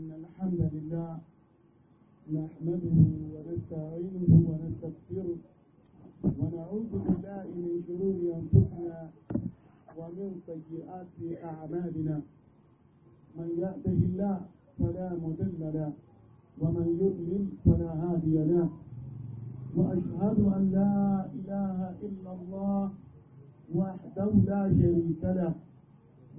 إن الحمد لله نحمده ونستعينه ونستغفره ونعوذ بالله من شرور أنفسنا ومن سيئات أعمالنا من يأته الله فلا مضل له ومن يضلل فلا هادي له وأشهد أن لا إله إلا الله وحده لا شريك له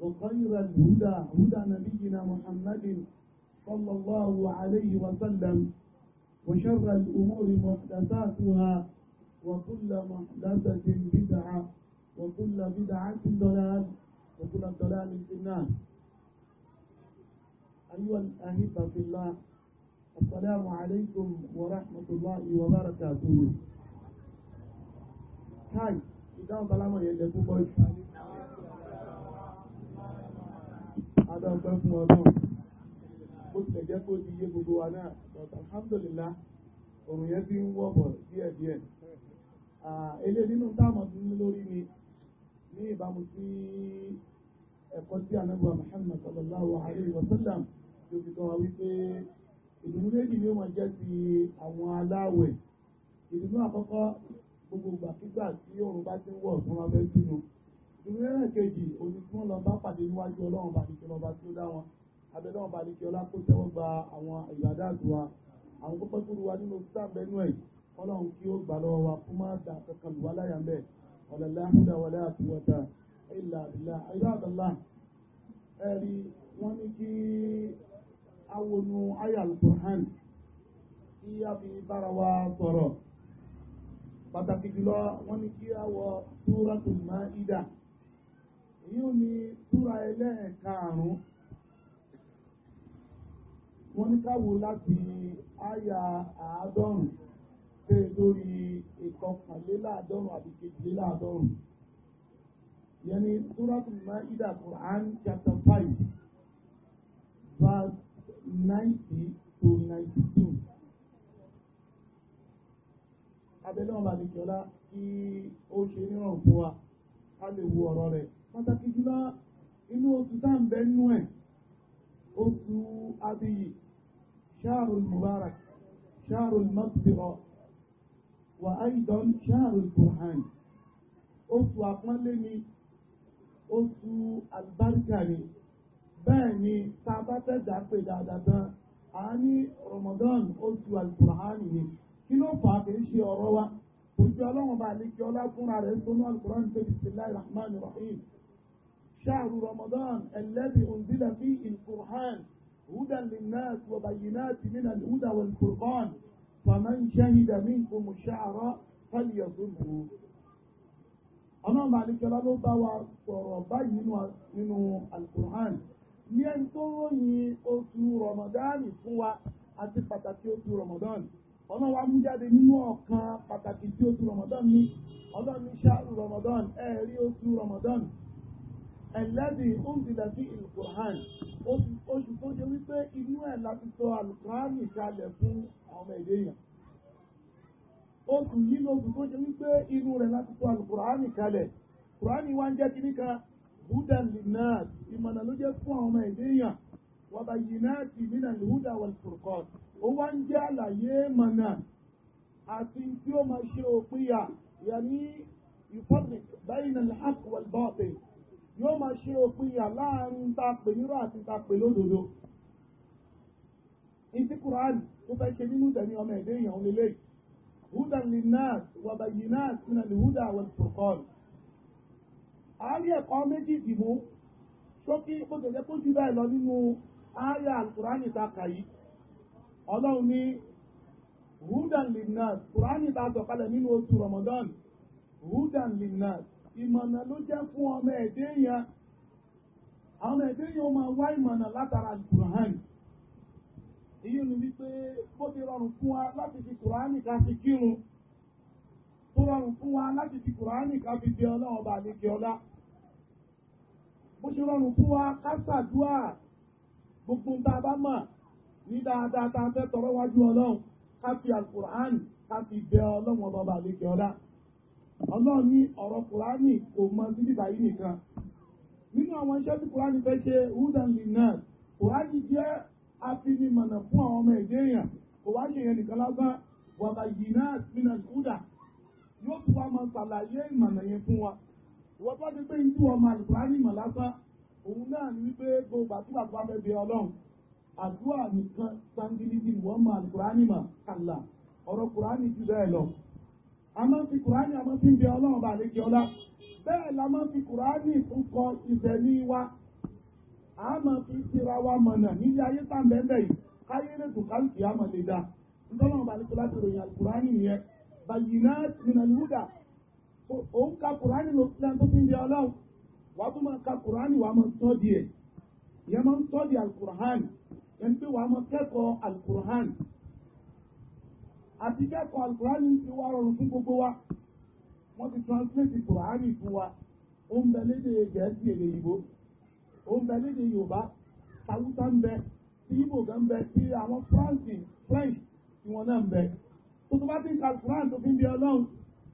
وخير الهدى هدى نبينا محمد صلى الله عليه وسلم وشر الأمور محدثاتها وكل محدثة بدعة وكل بدعة ضلال وكل ضلال في النار أيها الأحبة في الله السلام عليكم ورحمة الله وبركاته هاي إذا ظلام يجب أن adágbẹ́ fún ọdún ó ti tẹ̀jẹ́ kó ti yé gbogbo wa náà but alhamdulillah òrùn yẹn ti ń wọ̀bọ̀ díẹ̀díẹ̀ ilé nínú táwọn ti ní lórí ni ní ìbámu sí ẹ̀kọ́ tí anábọ̀ Muhammad sallallahu alayhi wa sallam tó fi kọ́ wípé ìdùnnú méjì ni wọ́n jẹ́ ti àwọn aláwẹ̀ ìdùnnú àkọ́kọ́ gbogbo ìgbàkígbà tí òrùn bá ti ń wọ̀ fún abẹ́ sínú ìrírẹ̀ kejì òní tí wọ́n lọ bá pàdé níwájú ọlọ́run bàdìkẹ́ lọ́ba tí ó dá wọn abẹ́lọ́run bàdìkẹ́ ọlá kó tẹ́wọ́ gba àwọn ìyàdá àtúwa àwọn kókó tó wà nínú sábẹ́nú ẹ̀ ọlọ́run kí ó gbà lọ́wọ́ wa fún má dà kankan lù wá láyà mẹ́ ọ̀lẹ́lá húdà wọlé àtiwọ́ta ìlà ìlà ìlà àdàlà ẹ̀rí wọ́n ní kí awonu ayà alukur'an kí a fi bára wa sọ̀rọ̀ pàtàkì jùlọ wọ́n ní kí a wọ súratul Maida yíò ní túra ẹlẹ́ẹ̀karùn-ún wọ́n ní káwò láti àyà àádọ́rùn pé lórí ìkọkànléláàádọ́rùn àti kejìléláàádọ́rùn yẹn ni túratul Maida Quran chapter five verse ninety to ninety two abẹ́lẹ́ wọn bá lè jọlá kí ó ṣe nírọ̀rùn fún wa ká lè wo ọ̀rọ̀ rẹ̀ pàtàkì jùlọ inú oṣù tá à ń bẹ nú ẹ̀ oṣù abiyì shahrul mubarak shahrul maghfira wa aidan shahrul burhan oṣù àpọ́nlé ni oṣù àlùbáríkà ni bẹ́ẹ̀ ni tá a bá fẹ́ dà pé dáadáa tán a ní ramadan oṣù alukur'an ni kí ló fà á kì í ṣe ọ̀rọ̀ wa òjò ọlọ́run bá lè kí ọlá fúnra rẹ̀ sọ́nà alukur'an tó bismillahir rahmanir rahim. شهر رمضان الذي أنزل فيه القرآن هدى للناس وبينات من الهدى والقرآن فمن شهد منكم الشعر فليصمه ọlọ́run bá ní kẹlá ló bá wa sọ̀rọ̀ báyìí nínú alukur'an ní ẹni tó ròyìn oṣù rọmọdánì fún wa àti pàtàkì oṣù rọmọdánì ọlọ́run wa mú jáde nínú ọ̀kan pàtàkì tí oṣù rọmọdánì ní ọlọ́run ní ṣáàrù rọmọdánì ẹ̀ẹ́rí oṣù rọmọdánì ẹlẹ́bí oúnjẹ sí ìlùkùrán oṣù tó ṣe wípé inú ẹ̀ láti sọ àlùkùránì kalẹ̀ fún àwọn èdè yẹn oṣù yìí lóṣù tó ṣe wípé inú rẹ̀ láti sọ àlùkùránì kalẹ̀ kùránì wá ń jẹ́ kí níka buddha linnaas ìmọ̀nà ló jẹ́ fún àwọn èdè yẹn wàbà yìí náà ti nínà lùhúdà wà lùkùrùkọ́ ó wá ń jẹ́ àlàyé mọ̀nà àti tí ó máa ṣe òpinya yẹn ní ìfọ́nì báyìí nà lè hàkùwà lọ́ọ̀tẹ̀ yóò máa ṣe òpinya láàrin ta pè nírọ̀ àti ta pè lódodo ìdí Kùránì tó fẹ́ ṣe nínú ìdẹ̀ni ọmọ ẹ̀dẹ́ èèyàn lélẹ̀ hudan linnas wa bayyinat min al-huda wal-furqan àárí ẹ̀kọ́ méjì dìbò ṣókí ó tẹ̀lé kó jù bẹ́ẹ̀ lọ nínú àárí al-Kùránì ta kàyí ọlọ́run ní hudan linnas Kùránì ta sọ̀kalẹ̀ nínú oṣù Ramadan hudan linnas ìmọ̀nà ló jẹ́ fún ọmọ ẹ̀dẹ́ yẹn àwọn ẹ̀dẹ́ yẹn ó máa wá ìmọ̀nà látara kùrán èyí ni wípé bó ti rọrùn fún wa láti fi kùránì ká fi kírun tó rọrùn fún wa láti fi kùránì ká fi bí ọlá ọba àlejò ọlá bó ṣe rọrùn fún wa ká ṣàdúrà gbogbo ń tá a bá mọ̀ ní dáadáa tá a fẹ́ tọrọ wájú ọlọ́run ká fi àkùránì ká fi bẹ ọlọ́run ọba àlejò ọlá. ọlọ́run ní ọ̀rọ̀ kùránì kò mọ sí bíbá yìí nìkan nínú àwọn iṣẹ́ tí kùránì fẹ́ ṣe wúdàn náà kùránì jẹ́ afinimọ̀nà fún àwọn ọmọ èèyàn kò wá ṣe yẹn nìkan wàbà yìí náà kúdà yóò tún wá máa ṣàlàyé ìmọ̀nà yẹn fún wa bá ti pé ọmọ àlùkùránì mọ̀ lásán òun náà ní gbogbo nìkan sangilidi ìwọ́n a máa ń fi kùránì a máa fi ń bẹ ọlọ́run bá lè jẹ ọlá bẹ́ẹ̀ la máa ń fi kùránì tún kọ ìtẹ̀lé wa a máa fi tira wa mọ̀nà nílé ayé tàǹbẹ̀ǹbẹ̀ yìí káyé lẹ́tù káńtì á lè dá nítorí bá lè kó láti ròyìn alukùránì yẹn bàyìnà mìnàlúdà òun ka kùránì ló fi lẹ́nu tó fi ń bẹ ọlọ́run wàá tún máa ka kùránì wàá máa tọ́ di ẹ̀ ìyẹn máa ń tọ́ di alukùránì ẹni pé wàá àti kẹ́kọ̀ọ́ alukurani ti wá rọrùn fún gbogbo wa wọ́n ti translate kurani fún wa ó ń bẹ lédè gẹ̀ẹ́sì èdè ìbò ó ń bẹ lédè yorùbá tàwùtà ń bẹ tí ibo gan bẹ tí àwọn france french tí wọn náà ń bẹ tó tó bá ti ń ka alukurani tó fi ń bí ọlọ́run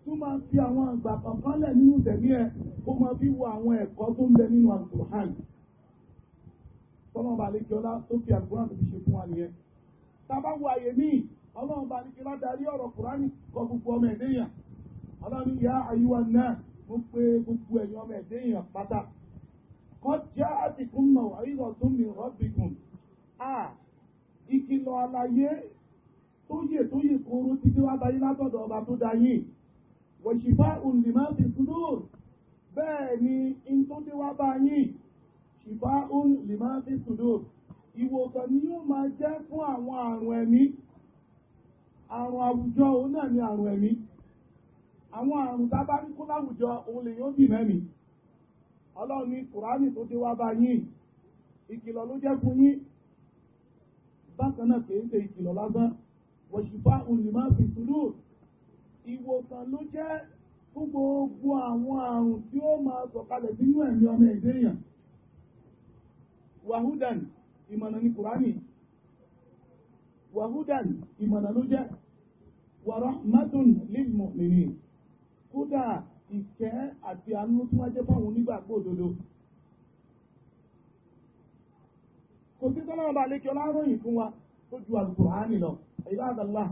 tó máa fi àwọn àgbà kankan lẹ̀ nínú tẹ̀mí ẹ̀ kó máa fi wo àwọn ẹ̀kọ́ tó ń bẹ nínú alukurani tọ́lọ́mọba àlejò ọlá tó fi alukurani tó fi ṣe fún wa nìyẹn tá wo àyè míì ọlọ́run bá ní kí lọ́ darí ọ̀rọ̀ kùránì kọ gbogbo ọmọ ẹ̀dẹ́yàn ọlọ́run ya àyíwá náà mo pe gbogbo ẹ̀yìn ọmọ ẹ̀dẹ́yàn pátá kọjá àdìkún mọ̀ àyíwá tó mi rọ́bìkùn a ìkìlọ̀ àlàyé tó yè tó yè kóró títí wá báyìí látọ̀dọ̀ ọba tó dá yìí wọ̀ṣìfá òǹdìmá fi sudur bẹ́ẹ̀ ni in tó dé wá bá yìí ṣìfá òǹdìmá fi sudur ìwòsàn ni yóò máa jẹ́ fún àwọn àrùn ẹ̀mí àrùn àwùjọ òun náà ni àrùn ẹ̀mí àwọn àrùn tábà ní kó láwùjọ òun lè yóò dì mẹ́mí ọlọ́run ní kùránì tó dé wá bá yín ìkìlọ̀ ló jẹ́ fún yín bákan náà kì í ṣe ìkìlọ̀ lásán wọ̀ṣùpá olùmọ̀ fi sùúrù ìwòsàn ló jẹ́ fún gbogbo àwọn àrùn tí ó máa sọ̀kalẹ̀ nínú ẹ̀mí ọmọ ẹ̀dẹ́yàn wàhúdàn ìmọ̀nà ní kùránì wàhúdàn ìmọ̀nàlójẹ́ wàrọ̀mátùn lílmọ̀mìnì ati ìkẹ́ àti àánú tí wọ́n jẹ́ fáwọn onígbàgbọ́ òdodo. kò sí tọ́lọ́wọ́ bá lékẹ́ ọláròyìn fún wa tó ju alùkùránì lọ ẹ̀yà àdàlá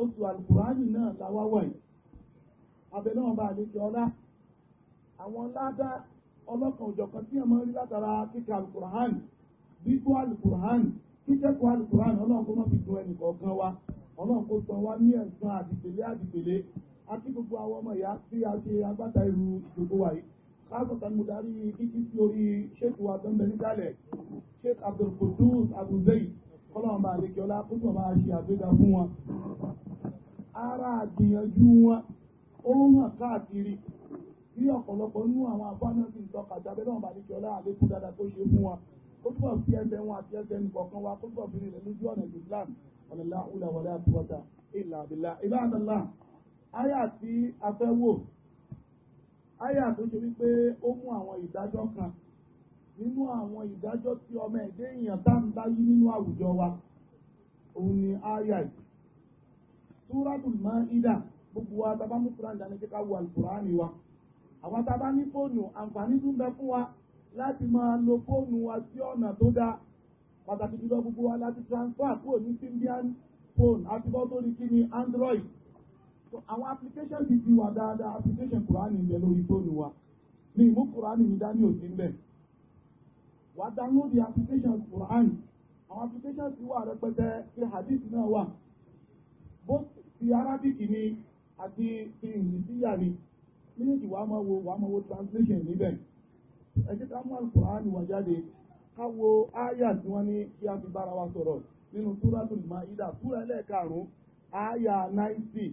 oṣù alùkùránì náà àwọn ládá ọlọ́kan òjọ̀kan tí a máa ń rí látara kíkà alùkùránì gbígbọ́ alùkùránì kíkẹ́kọ̀ọ́ alùpùpù ọlọ́run kó má fi dùn ẹnì kọ̀ọ̀kan wa ọlọ́run kó tàn wá ní ẹ̀sán àdìpèlé àdìpèlé àti gbogbo àwọn ọmọ ìyá tí a ṣe agbátá irú gbogbo wa yìí káàkóta mo darí kíkí sí orí ṣéèkì wa tó ń bẹ níkàlẹ̀ ṣéèkì abdulkudus abuzeyi kọ́lọ́run bá àlejò ọlá kó tàn máa ṣe àgbéga fún wọn. ara àgbìyànjú wọn ó hàn káàkiri bí ọ̀pọ̀lọpọ̀ nínú àwọn àbọ̀ náà ti ń tọ́ka jábẹ́ náà bá àlejò ọlá àlékún dáadáa tó ṣe fún wọn kó túbọ̀ fi ẹsẹ̀ wọn àti ẹsẹ̀ nìkọ̀ọ̀kan wa kó túbọ̀ fi rìn lójú ọ̀nà Islam ọ̀lẹ́lá ọ̀lẹ́ wọlé àtúwọ́ta ìlà àbílà ìbáàdàlá àyà tí a fẹ́ wò àyà tó ṣe wípé ó mú àwọn ìdájọ́ kan nínú àwọn ìdájọ́ tí ọmọ ẹ̀dẹ́ èèyàn tá yí nínú àwùjọ wa òun ni àyà yìí Suratul Maida gbogbo wa tá a bá wọ al láti máa lo fóònù wa sí ọ̀nà tó dáa pàtàkì jùlọ gbogbo wa láti transfer kúrò ní symbian phone àti bọ́ sórí kí ni android so àwọn application ti ti wà dáadáa application kùránì ń bẹ lórí fóònù wa ní ìmú kùránì ní dání òsì ń bẹ wà á download the application kùránì àwọn application ti wà rẹpẹtẹ pé hadith náà wà both ti arabic ni àti ti ìyíṣíyà ni méjèèjì wàá máa wo wàá máa wo translation níbẹ̀. ẹ mú Al-Qur'an jáde ká wo tí wọ́n ní kí a fi bára wa sọ̀rọ̀ nínú Suratul Maida súra ẹlẹ́ẹ̀karùn-ún áyà náìtì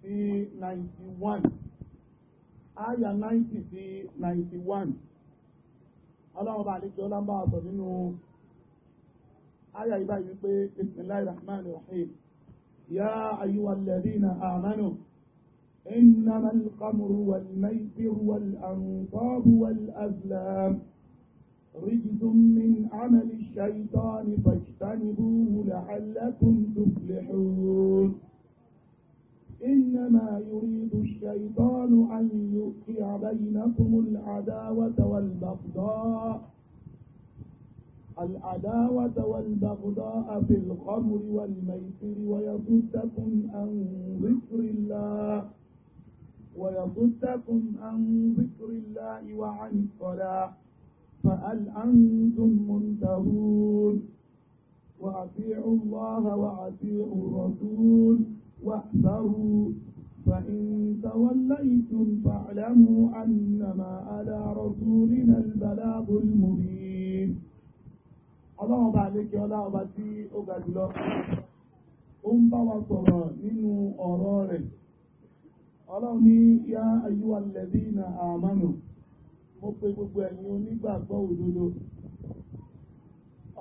sí náìtì wán áyà náìtì sí náìtì wán ọlọ́run bá àlejò ọlá ń bá wa sọ nínú áyà yìí báyìí wípé Rahim Ya ayyuhal إنما القمر والميسر والأنصاب والأزلام رجز من عمل الشيطان فاجتنبوه لعلكم تفلحون إنما يريد الشيطان أن يوقع بينكم العداوة والبغضاء العداوة والبغضاء في الخمر والميسر ويصدكم عن ذكر الله ويصدكم عن ذكر الله وعن الصلاة فهل أنتم منتهون وأطيعوا الله وأطيعوا الرسول واحذروا فإن توليتم فاعلموا أنما على رسولنا البلاغ المبين اللهم عليك يا ọlọ́run bá tí أم بابا jùlọ ó ń ọlọ́run ní yá ayúwa lẹ́bí na àmánù mo pe gbogbo ẹ̀yin onígbàgbọ́ òdodo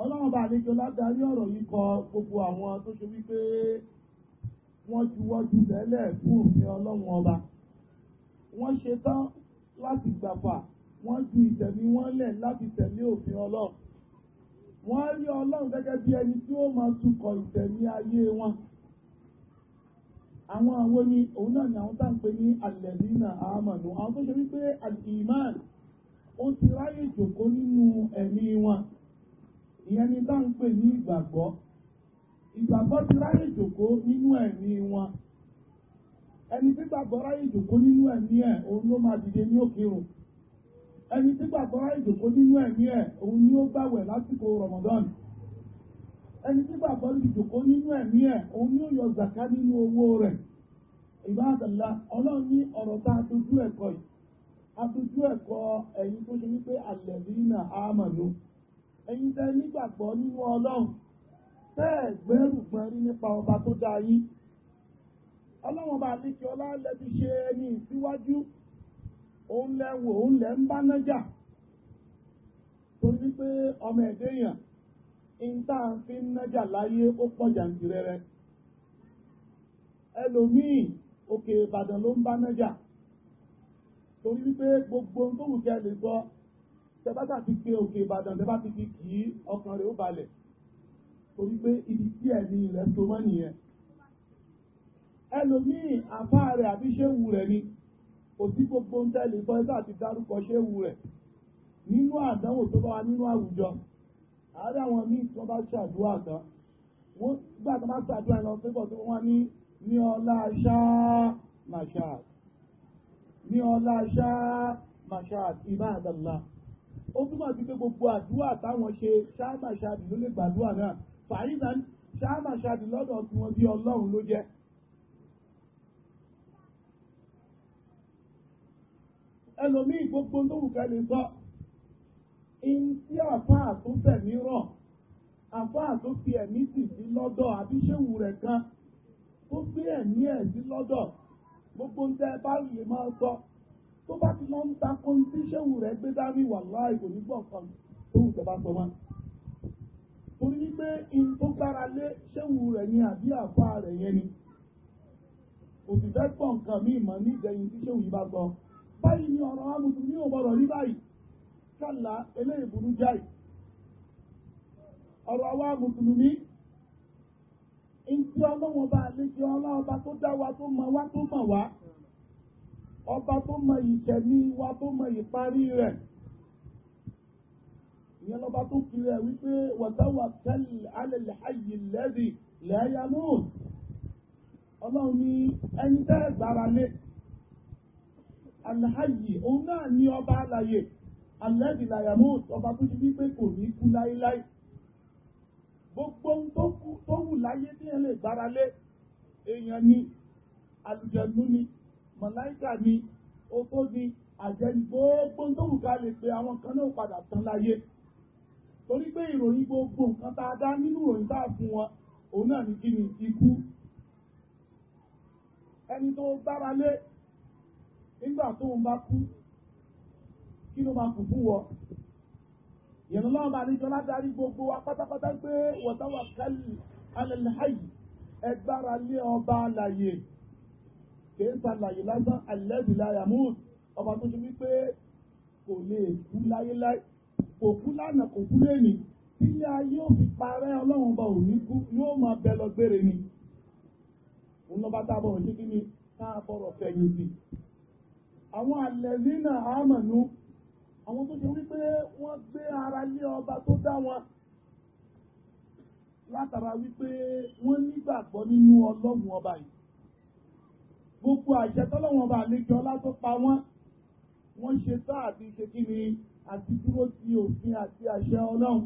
ọlọ́run bá àlejò ládarí ọ̀rọ̀ yìí kọ gbogbo àwọn tó ṣe wípé wọ́n juwọ́jú tẹ́lẹ̀ fún òfin ọlọ́run ọba wọ́n ṣe tán láti gbàfà wọ́n ju ìtẹ̀mí wọn lẹ̀ láti tẹ̀lé òfin ọlọ́run wọ́n rí ọlọ́run gẹ́gẹ́ bí ẹni tí ó máa tukọ̀ ìtẹ̀mí ayé wọn. àwọn àwọn ni òun náà ni àwọn tá ń pè ní alẹ́dínà àmàlù àwọn tó ṣe wípé al-iman ó ti ráyè jòkó nínú ẹ̀mí wọn ìyẹn ni tá ń pè ní ìgbàgbọ́ ìgbàgbọ́ ti ráyè jòkó nínú ẹ̀mí wọn ẹni tí gbàgbọ́ ráyè jòkó nínú ẹ̀mí ẹ̀ òun ló máa dìde ní òkèrò ẹni tí gbàgbọ́ ráyè jòkó nínú ẹ̀mí ẹ̀ òun ni ó gbàwẹ̀ lásìkò Ramadan ẹni tí bàbá ń nínú ẹ̀mí ẹ̀ òun yọ nínú owó rẹ̀ ìbáàdàlá ọlọ́run ní ọ̀rọ̀ tá a dojú ẹ̀kọ́ yìí a ẹ̀kọ́ ẹ̀yin tó ṣe wípé àlẹ́bínà àmàlú ẹ̀yin tẹ nígbàgbọ́ nínú ọlọ́run tẹ́ gbẹ́rù rí nípa ọba tó yín ọlọ́run bá lè kí ọlá lẹ́bi ṣe ẹni ìsíwájú òun lẹ́wọ̀ òun lẹ́ ń bá nájà ìta fi ń nájà láyé ó pọ̀ jàǹtìrẹrẹ ẹlòmíì òkè ìbàdàn ló ń bá nájà torí wípé gbogbo ohun tó wù kẹ́ lè gbọ́ tẹ́bátà ti pé òkè ìbàdàn tẹ́bá ti fi kì í ọkàn rẹ̀ ó balẹ̀ torí pé ibi tí ẹ̀mí rẹ̀ so mọ́ nìyẹn ẹlòmíì àbá rẹ̀ àbí ṣéwù rẹ̀ ni kò sí gbogbo ohun tẹ́ lè gbọ́ ẹ sáà ti dárúkọ ṣéwù rẹ̀ nínú àdánwò tó bá wa nínú àwùjọ àárẹ̀ àwọn míì tí wọ́n bá ṣàdúrà tán wọ́n gbà tó bá ṣàdúrà lọ pé bọ̀ tó wọ́n ní ní ọlá ṣá mashad ní ọlá ṣá mashad ibadallah ó túmọ̀ sí pé gbogbo àdúrà táwọn ṣe ṣá mashad ló lè gbàdúrà náà fàyínà ṣá mashad lọ́dọ̀ tí wọ́n bí ọlọ́run ló jẹ́ ẹlòmíì gbogbo lóhùn kẹ́lẹ́ sọ ntí àfa àtúntẹ̀mí rọ̀ àfa àtúntì ẹ̀mí sì sí lọ́dọ̀ àbíṣẹ́wù rẹ̀ kan tó gbé ẹ̀mí ẹ̀ sí lọ́dọ̀ gbogbo ń tẹ́ bá lè máa sọ tó bá ti lọ ń ta ko ń tí rẹ̀ gbé dání wàláhì kò ní gbọ̀n kan tó wù tẹ́ sọ wọn. torí wípé in tó gbára lé ṣéwù rẹ̀ ni àbí àfa rẹ̀ yẹn ni òsì fẹ́ gbọ̀n kan mí ìmọ̀ ní ìdẹ́yìn tí ṣéwù yìí bá sọ báyìí ni ọ̀rọ̀ amùsùn ní òbọ̀rọ̀ rí báyìí kálá eléyìí burú jáì ọ̀rọ̀ àwa mùsùlùmí ntí ọlọ́wọ́n bá àlejò ọlọ́ọba tó dá wa tó mọ̀ wá tó mọ̀ wá ọba tó mọ̀ ìṣẹ̀mí wa tó mọ̀ ìparí rẹ̀ ìyẹn lọ́ba tó kiri ẹ̀ wípé watawakkal ala al-hayy alladhi la yamut ọlọ́run ní ẹni tẹ́ gbára lé al-hayy òun náà ní ọba àlàyé alẹ́bí làyàmú ọba tó ti wípé kò ní kú láíláí gbogbo ohun tó wù láyé ní ẹ lè gbára lé èèyàn ni àlùjẹ̀nú ni màláíkà ni oṣó ni àjẹni gbogbo ohun tó wù ká lè pe àwọn kan náà padà tán láyé torí pé ìròyìn gbogbo nǹkan tá a dá nínú ìròyìn tá a fún wọn òun náà ní kí ni ikú ẹni tó gbára lé nígbà tó ń bá kú kí ló máa kù fún wọ ìyẹn lọ́wọ́ máa níjọ ládàrí gbogbo wa pátápátá pé wọ̀táwà kálí alẹ́láyì ẹgbára lé ọba àlàyé kìí sàlàyé lásán àlẹ́bí láyàmúd ọba tó ṣe wípé kò lè kú láyéláyé kò kú lánàá kò kú lẹ́ni ilé ayé ò fi parẹ́ ọlọ́run ọba ò ní kú yóò máa bẹ lọ gbére ni òun lọ́ba tá a bọ̀rọ̀ kí ni tá bọ̀rọ̀ fẹ̀yìntì àwọn àlẹ́ nínà àmọ̀nù àwọn tó ti wípé wọ́n gbé ara lé ọba tó dá wọn látara wípé wọ́n nígbàgbọ́ nínú ọlọ́run ọba yìí gbogbo àṣẹ tọ́lọ́run ọba àlejò ọlá tó pa wọ́n wọ́n ṣe tá àti ṣe kí ni àti dúró ti òfin àti àṣẹ ọlọ́run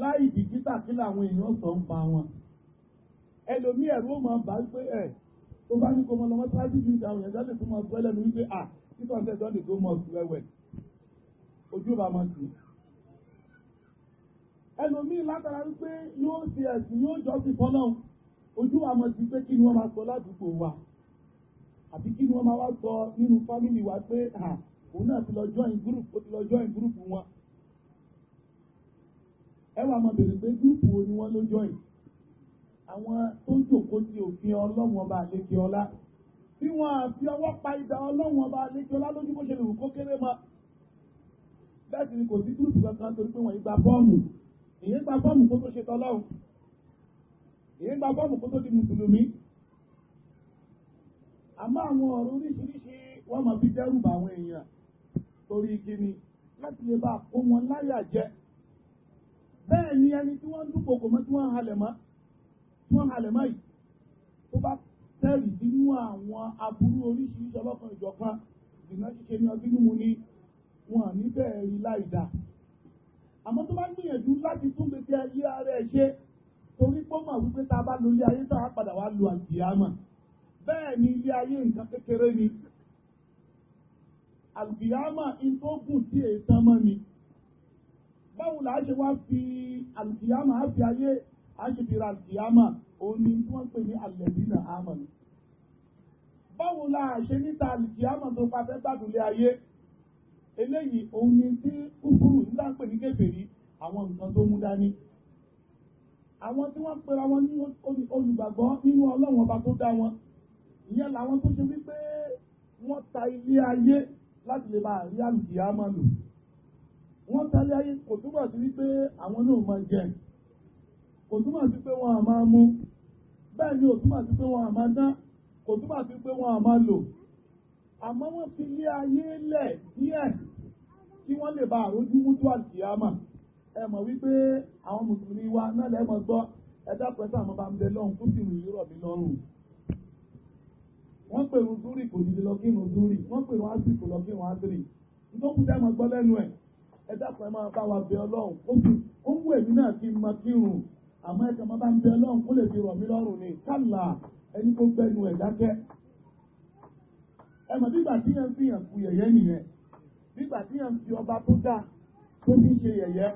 láì bìkítà kí làwọn èèyàn sọ ń pa wọn ẹlòmí ẹ̀rú ó máa bá pé ẹ̀ tó bá ní kó mọ lọ́mọ sáájú ju ìdáhùn ẹ̀dá lè tó máa sọ wípé à This one says don't go mosque well well. Ojú bá mọ̀ sí. Ẹlòmíì látara wípé yóò ṣe ẹ̀sìn yóò jọ sí fọ́nà. Ojú wa mọ̀ sí pé kí ni wọ́n máa sọ ládùúgbò wa. Àbí kí ni wọ́n máa wá sọ nínú fámìlì wa pé òun náà ti lọ join group ó ti lọ join group wọn. Ẹ wá máa bèrè pé group wo ni wọ́n ló join. Àwọn tó jòkó ti òfin ọlọ́run ọba àlejò ọlá bí wọ́n àfi ọwọ́ pa ìdá ọlọ́run ọba àlejò lálójú bó ṣe lè wù kó kéré mọ́ bẹ́ẹ̀ sì ni kò sí gúrùpù kankan torí pé wọ́n ìgbà bọ́ọ̀mù ìyẹn gba bọ́ọ̀mù kó tó ṣe tọ́lọ́run ìyẹn gba bọ́ọ̀mù kó tó di mùsùlùmí àmọ́ àwọn ọ̀rọ̀ oríṣiríṣi wọ́n máa fi dẹ́rùbà àwọn èèyàn torí kíni láti lè bá kó wọn láyà jẹ bẹ́ẹ̀ ni ẹni tí wọ́n ń dúpọ̀ tẹ́rì sínú àwọn aburú oríṣiríṣi ọlọ́kan ìjọkan ìdìnnà ṣíṣe ní ọdún mú ni wọn ní bẹ́ẹ̀ rí láì dá àmọ́ tó bá gbìyànjú láti tún gbèsè ayé ara ẹ̀ ṣe torí pé ó mọ̀ wípé tá a bá lo ilé ayé tá a padà wá lo àlùkìyámà bẹ́ẹ̀ ni ilé ayé nǹkan kékeré ni àlùkìyámà in tó tí èyí tán mọ́ ni báwo là á ṣe wá fi àlùkìyámà á fi ayé á ṣe fi ra àlùkìyámà òun ni wọ́n pè ní àlẹ́bí náà àmọ́ ni báwo la ṣe níta àlìkìyàmọ̀ tó pa fẹ́ gbádùn lé ayé eléyìí òun ni tí kúkúrú nígbà pè ní kèfèrí àwọn nǹkan tó mú dání àwọn tí wọ́n pera wọn ní olùgbàgbọ́ nínú ọlọ́run ọba tó dá wọn ìyẹn làwọn tó ṣe wípé wọ́n ta ilé ayé láti lè máa rí àlùkìyàmọ̀ lò wọ́n ta ilé ayé kò túbọ̀ sí wípé àwọn náà máa jẹ kò túbọ̀ sí pé wọ́n á mú bẹ́ẹ̀ ni ò túbọ̀ sí pé wọ́n á dán kò túmọ̀ sí pé wọ́n á máa lò àmọ́ wọ́n ti lé ayé lẹ̀ díẹ̀ kí wọ́n lè ba àrójú mútu àtìyámà ẹ mọ̀ wípé àwọn mùsùlùmí wa náà lẹ́ mọ̀ gbọ́ ẹ̀dá pẹ̀sẹ̀ àmọ́ bá ń bẹ lọ́hùn fún tìrù yúrọ̀ mi lọ́rùn wọ́n pèrún dúrì kò dìde lọ kírun dúrì wọ́n pèrún ásìrì kò lọ kírun ásìrì nítorí kúta máa gbọ́ lẹ́nu ẹ̀ ẹ dákun ẹ máa bá wa bẹ ọlọ́run ó fi ó ń wù èmi náà kí n máa kírun àmọ́ ẹ̀ka máa bá ń bẹ ọlọ́run kó lè fi rọ̀ mí lọ́rùn ni kálá ẹni kó gbẹnu ẹ̀ dákẹ́ ẹmọ̀ nígbà tí yẹn fi hàn fún yẹ̀yẹ́ nìyẹn nígbà tí yẹn fi ọba tó dá tó fi ṣe yẹ̀yẹ́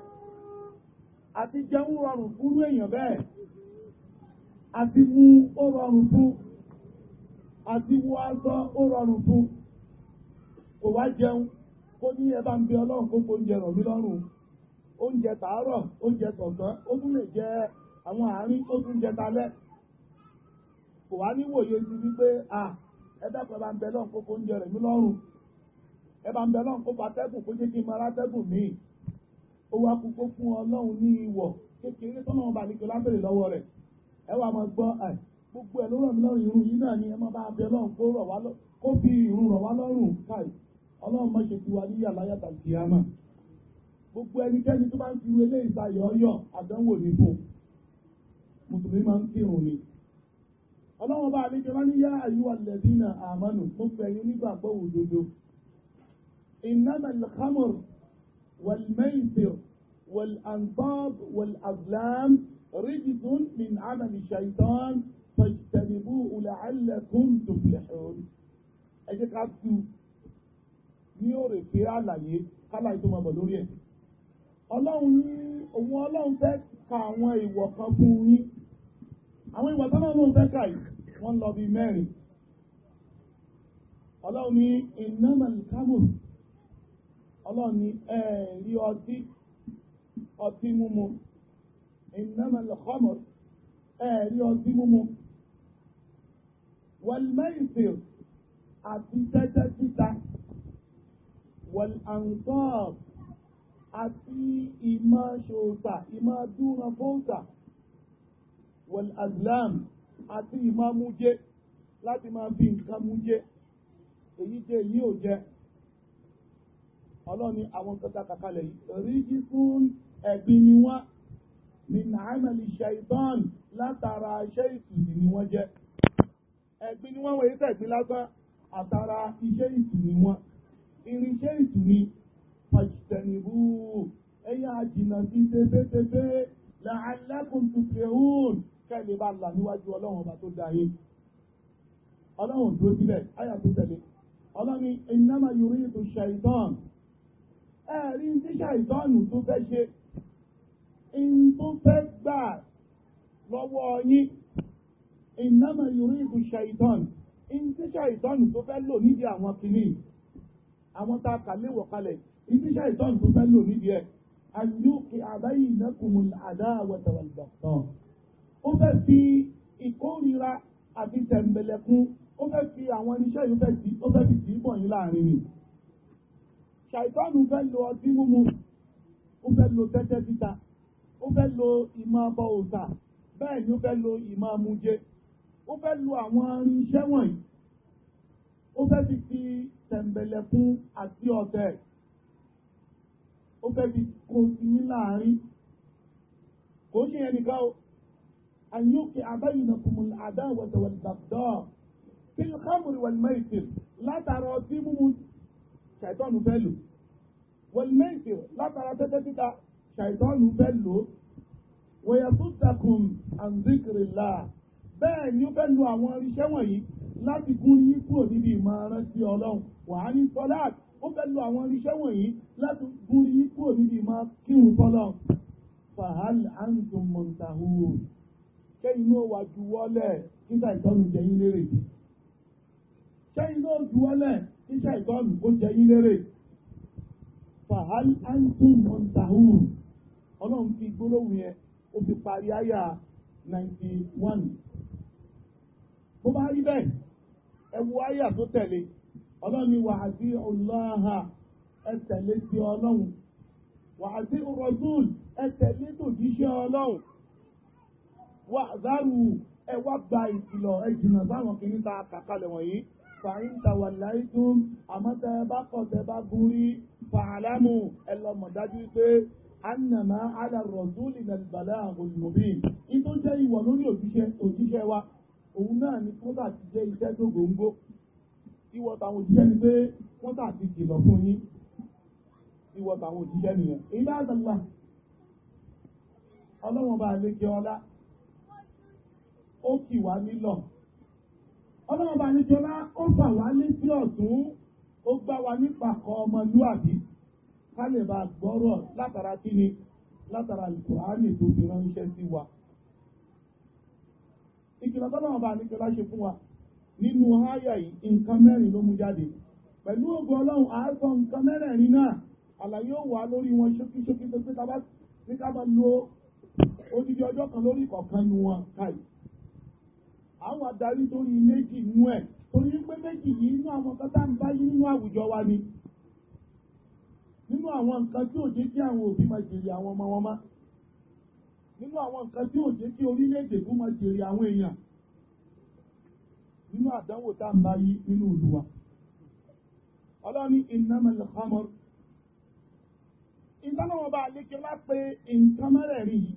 àti jẹun rọrùn èèyàn bẹ́ẹ̀ mu ó rọrùn fún àti wọ aṣọ ó rọrùn fún kò wá jẹun kó ní ẹ bá ń bẹ ọlọ́run kó oúnjẹ rọ̀ mí lọ́rùn oúnjẹ oúnjẹ tọ̀sán ó tún lè kò wá níwòye ju wípé à ẹ dákun ẹ bá ń bẹ lọ́n kókó oúnjẹ rẹ̀ mí lọ́rùn ẹ bá ń bẹ lọ́n kópa tẹ́gùn kó jẹ́ kí n máa rátẹ́gùn míì ó wá kú kó fún ọlọ́run ní ìwọ̀ kékeré tọ́nà wọn bá ní kí lábẹ́rẹ̀ lọ́wọ́ rẹ̀ ẹ wá máa gbọ́ ẹ gbogbo ẹ ló rọ̀ mí lọ́rùn irun yìí náà ni ẹ má bá bẹ lọ́run kó rọ̀ wá fi irun rọ̀ wá lọ́rùn káì ọlọ́run má ṣe ti wá níyà láyà tàbí àmà gbogbo ẹnikẹ́ni tó bá ń fi eléyìí sayọ̀ ọyọ̀ àdánwò ní fún mùsùlùmí máa ń kírun ni. ọlọ́wọ́ bá àlejò wọn ní yá àyíwá lẹ́dínà àmánù mo gbẹ̀yìn nígbàgbọ́ òdodo ìnáma lẹ́kámọ̀r wàlmẹ́ìsìr wàlàǹtọ́b wàlàzlám rígìtún min àmàlì ṣàìtàn fàjìtàbíbú làálẹ̀kùn tuflihun. ẹ jẹ́ ká tu ní òrè pé àlàyé kálàyé tó máa bọ̀ lórí ẹ̀. ọlọ́run ní òun ọlọ́run fẹ́ ka tu ni ore pe alaye kalaye to maa lori ìwọ̀ kan fún yín. àwọn ìwà táwọn ọmọ òǹfẹ́ kà yìí wọ́n lọ bí mẹ́rin ọlọ́run ní ìnámà ìkámù ọlọ́run ní ẹ̀ẹ̀rí ọtí ọtí múmu ìnámà ìkámù ẹ̀ẹ̀rí ọtí múmu wàlmẹ́ìsìl àti tẹ́tẹ́ títa wàlàǹtọ́ọ̀ àti ìmọ̀ ṣòòtà ìmọ̀ dúnra fóòtà wal azlam àti ìmámújẹ láti máa fi nǹkan mú jẹ èyí jẹ èyí ò jẹ ọlọ́ni àwọn kọta kàkalẹ̀ yìí rígi fún ẹ̀gbin ni wọ́n ní nàámẹ́lì ṣàìtàn látara iṣẹ́ ìtùnú ni wọ́n jẹ́ ẹ̀gbin ni wọ́n wọ̀ yìí lásán àtara iṣẹ́ ìtùnú wọn irinṣẹ́ ìtùnú pàṣẹ̀nìbù ẹ̀yà àjìnà sí tẹ́fẹ́tẹ́fẹ́ làálàkùn tùkẹ̀hún kẹ́lẹ̀ bá là níwájú ọlọ́run ọba tó dáyé ọlọ́run tó sílẹ̀ ayà tó tẹ̀lé ọlọ́run innama yuridu shaitan ẹ̀rí tí shaitan tó fẹ́ ṣe in tó fẹ́ gbà lọ́wọ́ yín innama yuridu shaitan in tí shaitan tó fẹ́ lò nídìí àwọn kìíní àwọn tá a kà léwọ̀ kalẹ̀ in tí shaitan tó fẹ́ lò nídìí ẹ̀ àyùkì àbáyìí nàkùnmùn àdáwọ̀tàwàlùbàtàn ó fẹ́ fi ìkórira àti tẹ̀m̀bẹ̀lẹ̀kún ó fẹ́ fi àwọn irinṣẹ́ yìí fẹ́ sí ó fẹ́ fi sí bọ̀ yín láàrin ni. ṣàìtọ́nù fẹ́ lo ọtí mímu ó fẹ́ lo tẹ́tẹ́ títa ó fẹ́ lo ìmọ̀ ọbọ òòtà bẹ́ẹ̀ ni ó fẹ́ lo ìmọ̀ amújẹ ó fẹ́ lo àwọn irinṣẹ́ wọ̀nyí ó fẹ́ fi fi tẹ̀m̀bẹ̀lẹ̀kún àti ọ̀tẹ̀ ó fẹ́ fi kó sí yín láàrin kò ṣe ẹnìkan o. أن يوقع بينكم العداوة والبغضاء في الخمر والميسر látara ọtí mímu ṣàìtọ́nù fẹ́ lò wọlmẹ́ǹtì látara tẹ́tẹ́ títa ṣàìtọ́nù fẹ́ lò wọ̀yẹ̀sùtàkùn àǹdíkìrìlà bẹ́ẹ̀ ni ó fẹ́ lo àwọn irinṣẹ́ wọ̀nyí láti gún yín kúrò níbi ìmọ̀ràn sí ọlọ́run wàá ní sọlá ó fẹ́ lo àwọn irinṣẹ́ wọ̀nyí láti gún yín kúrò níbi ìmọ̀ kírun fọlọ́run fàhálì àǹtùmọ̀ntàhùn kẹ́yìn náà wà juwọ́lẹ̀ kíṣà ìtọ́nù jẹ yín lérè kẹ́yìn náà juwọ́lẹ̀ kíṣà ìtọ́nù ó jẹ lérè fàhálì àǹtí mọ̀ntàhùn ọlọ́run fi gbólóhùn yẹn ó fi parí àyà ninety one bó bá rí bẹ́ẹ̀ ẹ àyà tó tẹ̀lé ọlọ́run ni wàhálì ọlọ́ha ẹ sí ọlọ́run wàhálì tòjíṣẹ́ ọlọ́run. wà záàrù ẹ wá gba ìkìlọ̀ ẹ jìnnà sáwọn kìíní ta kàkálẹ̀ wọ̀nyí fàáyín tàwà láìsùn àmọ́ tẹ bá kọ̀ tẹ bá gúrí fàálámù ẹ lọ mọ̀ dájú pé annama ala rọ̀súlì nà ìbàlẹ̀ àwọn olùmọ̀bí ní lórí òjíṣẹ́ òjíṣẹ́ wa òun náà ni kó tà ti jẹ́ iṣẹ́ tó gbòǹgbò ìwọ̀ tàwọn òjíṣẹ́ ni pé wọ́n tà ti kìlọ̀ fún yín ìwọ̀ tàwọn òjíṣẹ́ nìyẹn ìlà àtàlà ọlọ́wọ́n bá lè jẹ ọlá ó kì wá nílọ̀ ọlọ́run bá níjọlá ó fà wá létí ọ̀tún ó gbá wa nípàkọ́ ọmọlúàbí ká lè bá gbọ́rọ̀ látara kí ni látara ìkùránì tó fi ránṣẹ́ sí wa ìkìlọ̀ tọ́lọ́run ṣe fún wa nínú yìí nǹkan mẹ́rin ló mú jáde pẹ̀lú ọlọ́run nǹkan mẹ́rẹ̀ẹ̀rin náà wọn ṣókíṣókí tó ní ká odidi ọjọ́ kan lórí nu àwọn adarí torí méjì nú ẹ̀ torí pé méjì yìí inú àwọn kan tá ń báyé nínú àwùjọ wa ni nínú àwọn nǹkan tí ò jẹ́ kí àwọn òbí máa jèrè àwọn ọmọ wọn má nínú àwọn nǹkan tí ò jẹ́ kí orílẹ̀-èdè kó máa jèrè àwọn èèyàn nínú àdánwò tá ń báyé nínú wa ọlọ́ni wọn bá nǹkan mẹ́rẹ̀ẹ̀rin yìí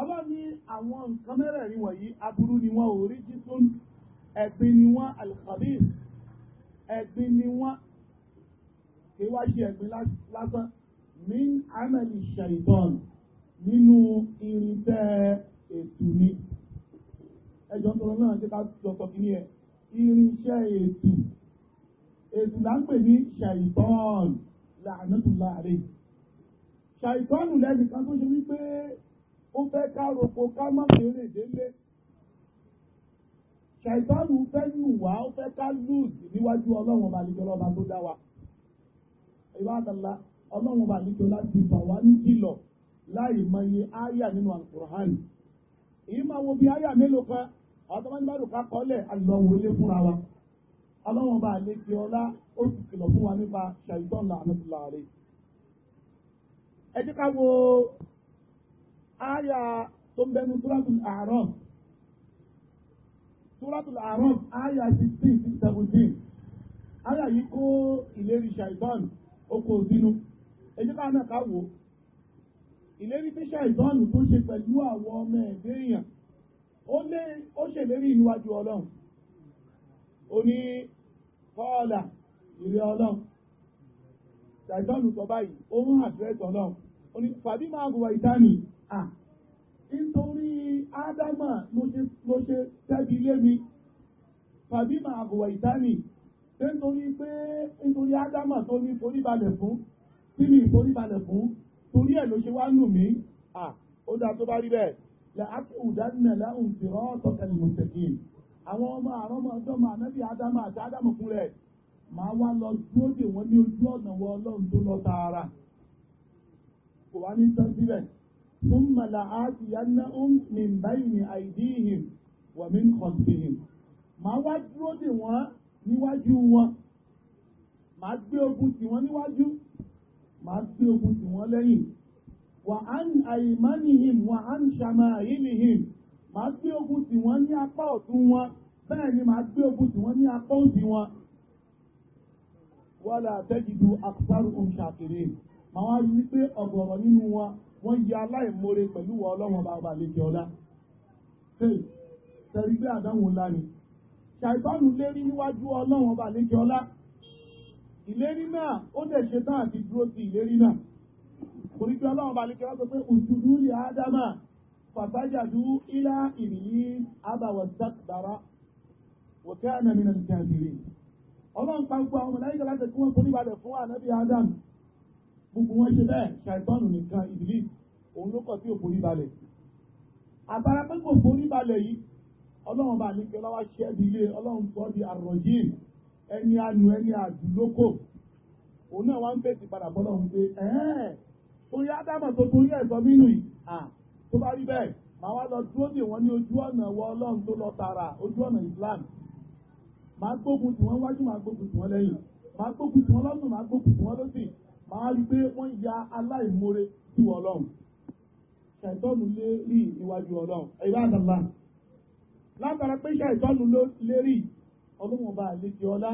ọlọ́run ní àwọn nǹkan mẹ́rẹ̀ẹ̀rin wọ̀nyí aburú ni wọ́n oríjìtún ẹ̀gbin ni wọ́n alkhabir ẹ̀gbin ni wọ́n kí wá ṣe ẹ̀gbin lásán min amali shaitan nínú irinṣẹ́ ètù ni ẹjọ́ ń tọrọ náà ṣe ká jọ̀tọ̀ kí ni ẹ̀ irinṣẹ́ ètù ètù là ń pè ní shaitan la'natullah alayhi shaitan lẹ́nìkan tó ṣe wípé ó fẹ́ ká roko ká má fèrè délé ṣàìbánu fẹ́ yù wá ó fẹ́ ká lùzì níwájú ọlọ́run ọba àlejò ọlọ́ba tó dá wa ìbádàlá ọlọ́run ọba àlejò láti bà wá ní kìlọ̀ láì mọye áyà nínú alukur'an èyí máa wo bí áyà mélòó kan àwọn ká kọ́lẹ̀ fúnra wa ọlọ́run ọba àlejò ọlá ó ti kìlọ̀ fún wa nípa ṣàìbánu àmì àyà tó ń bẹnu suratul A'raf suratul A'raf àyà sixteen sí seventeen àyà yìí kó ìlérí ṣàìtọ́n oko sínú èyí ká náà ká wò ìlérí tí ṣàìtọ́n tó ṣe pẹ̀lú àwọn ọmọ ẹ̀dẹ́ èèyàn ó lé ó ṣèlérí níwájú ọlọ́run ó ní kọ́ọ̀là ìrẹ́ ọlọ́run ṣàìtọ́n sọ báyìí ó ń àdírẹ́sì ọlọ́run ó ní fàbí máa gùn wà ìtánì à nítorí ádámà ló ṣe tẹ́bi lé mi tàbí màá bùwà ìtánì nítorí pé nítorí ádámà tó ní foríbalẹ̀ fún tí mi ìforíbalẹ̀ fún torí ẹ̀ ló ṣe wá lù mí à ó dáa tó bá rí bẹ́ẹ̀ láti ùdánilẹ̀ láhùn tí wọ́n tọ́kẹ́ lù tẹ̀kí àwọn ọmọ àrọ́ ọmọ ọjọ́ máa nẹ́bí ádámà àti ádámù fún rẹ̀ máa wá lọ dúró dè wọ́n ní ojú ọ̀nà wọ ọlọ́run tó lọ tààrà kò wá ní tán síbẹ̀ ثم لآتينهم من بين أيديهم ومن خلفهم màá wá dúró dè wọ́n níwájú wọn màá gbé ogun tì wọ́n níwájú màá gbé ogun tì wọ́n lẹ́yìn wà á ń àìmánìhìn wà á ń ṣàmà àìlìhìn màá gbé ogun tì wọ́n ní apá ọ̀tún wọn bẹ́ẹ̀ ni màá gbé ogun tì wọ́n ní apá òsì wọn. wọ́n là tẹ́jú du àkùsárù òǹṣàkèrè màá wá rí i pé ọ̀gọ̀rọ̀ nínú wọn wọ́n yẹ aláìmoore pẹ̀lú wọ ọlọ́wọ́n bá ọba lè jẹ ọlá tẹ̀rí pé àdáhùn ńlá ni ṣàìbánu lérí níwájú ọlọ́wọ́n bá lè jẹ ọlá ìlérí náà ó dẹ̀ ṣe tán àti dúró sí ìlérí náà torí pé ọlọ́wọ́n bá lè jẹ ọlá sọ pé òṣùdú lè ádámà fàtàjàdú ilá ìrìlí àbàwọ̀ sàkàrà wòkẹ́ ànàmínà kàdìrí ọlọ́run pa gbogbo àwọn gbogbo wọn ṣe bẹ́ẹ̀ ṣàìbánu nìkan ìdílé òun ló kọ̀ tí ò forí balẹ̀ àtàrà pé kò forí balẹ̀ yìí ọlọ́run bá ní kí ọlọ́wà ṣẹ́ di ilé ọlọ́run sọ di àròjì ẹni àánú ẹni àdúlókò òun náà wá ń fèsì padà bọ́lọ̀ ń pé ẹ̀ẹ́n orí ádámọ̀ tó torí ẹ̀ sọ yìí tó bá rí bẹ́ẹ̀ màá wá lọ dúró dè wọ́n ní ojú ọ̀nà wọ ọlọ́run tó lọ tààrà ojú ọ̀nà Islam màá gbógun tì wọ́n wájú màá gbógun tì wọ́n lẹ́yìn màá gbógun tì wọ́n lọ́sùn màá gbógun tì wọ́n lọ́sìn màá rí pé wọ́n ya aláìmoore sí wọ́n lọ́run ṣàìtọ́nù lérí níwájú ọlọ́run ẹ̀yìn àdàlá látara pé ṣàìtọ́nù lérí ọlọ́run ọba àlejò ọlá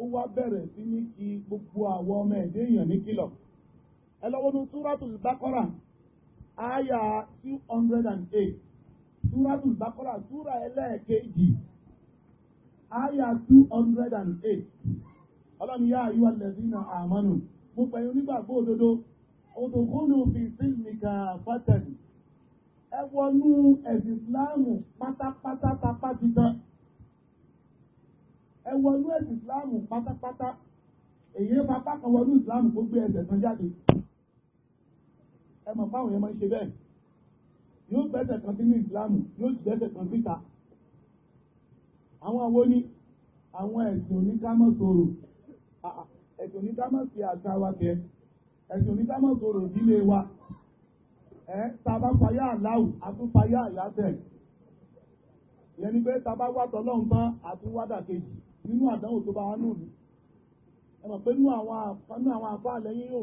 ó wá bẹ̀rẹ̀ sí ní kí gbogbo àwọn ọmọ ẹ̀dẹ́ èèyàn ní kìlọ̀ ẹ lọ́wọ́ ní súrátùl bákọ́rà àyà two hundred and eight súrátùl bákọ́rà súrà ẹlẹ́ẹ̀kejì àyà two hundred and eight ọlọ́run yá àyíwá lẹ́sìn náà àmọ́nù mo pẹ̀yìn onígbàgbọ́ òdodo òdòkúlù fi sílmìkà fátẹ̀lì ẹ wọnú ẹ̀sìn ìsìláàmù pátápátá tapá ti tán ẹ wọnú ẹ̀sìn ìsìláàmù pátápátá èyí papá kan wọnú ìsìláàmù tó gbé ẹsẹ̀ kan jáde ẹ mọ̀ fáwọn yẹn máa ń ṣe bẹ́ẹ̀ yóò bẹ́sẹ̀ kan sínú ìsìláàmù yóò sì bẹ́sẹ̀ kan síta àwọn àwo ni àwọn ẹ̀sìn oníkámọ́ sọ̀rọ̀ ẹ̀sìn oníkámọ́ sí àṣà ẹ̀sùn ní sámọ̀ sọ̀rọ̀ ìdílé wa Ẹ tàbá payá aláwù àtúpayá àyátẹ̀ ìyẹn ni pé tàbá wá tọ́lọ́run tán àtúwádà kejì nínú àdánwò tó bá wá nù mí ẹ mọ̀ pé nú àwọn àfánú àwọn ni o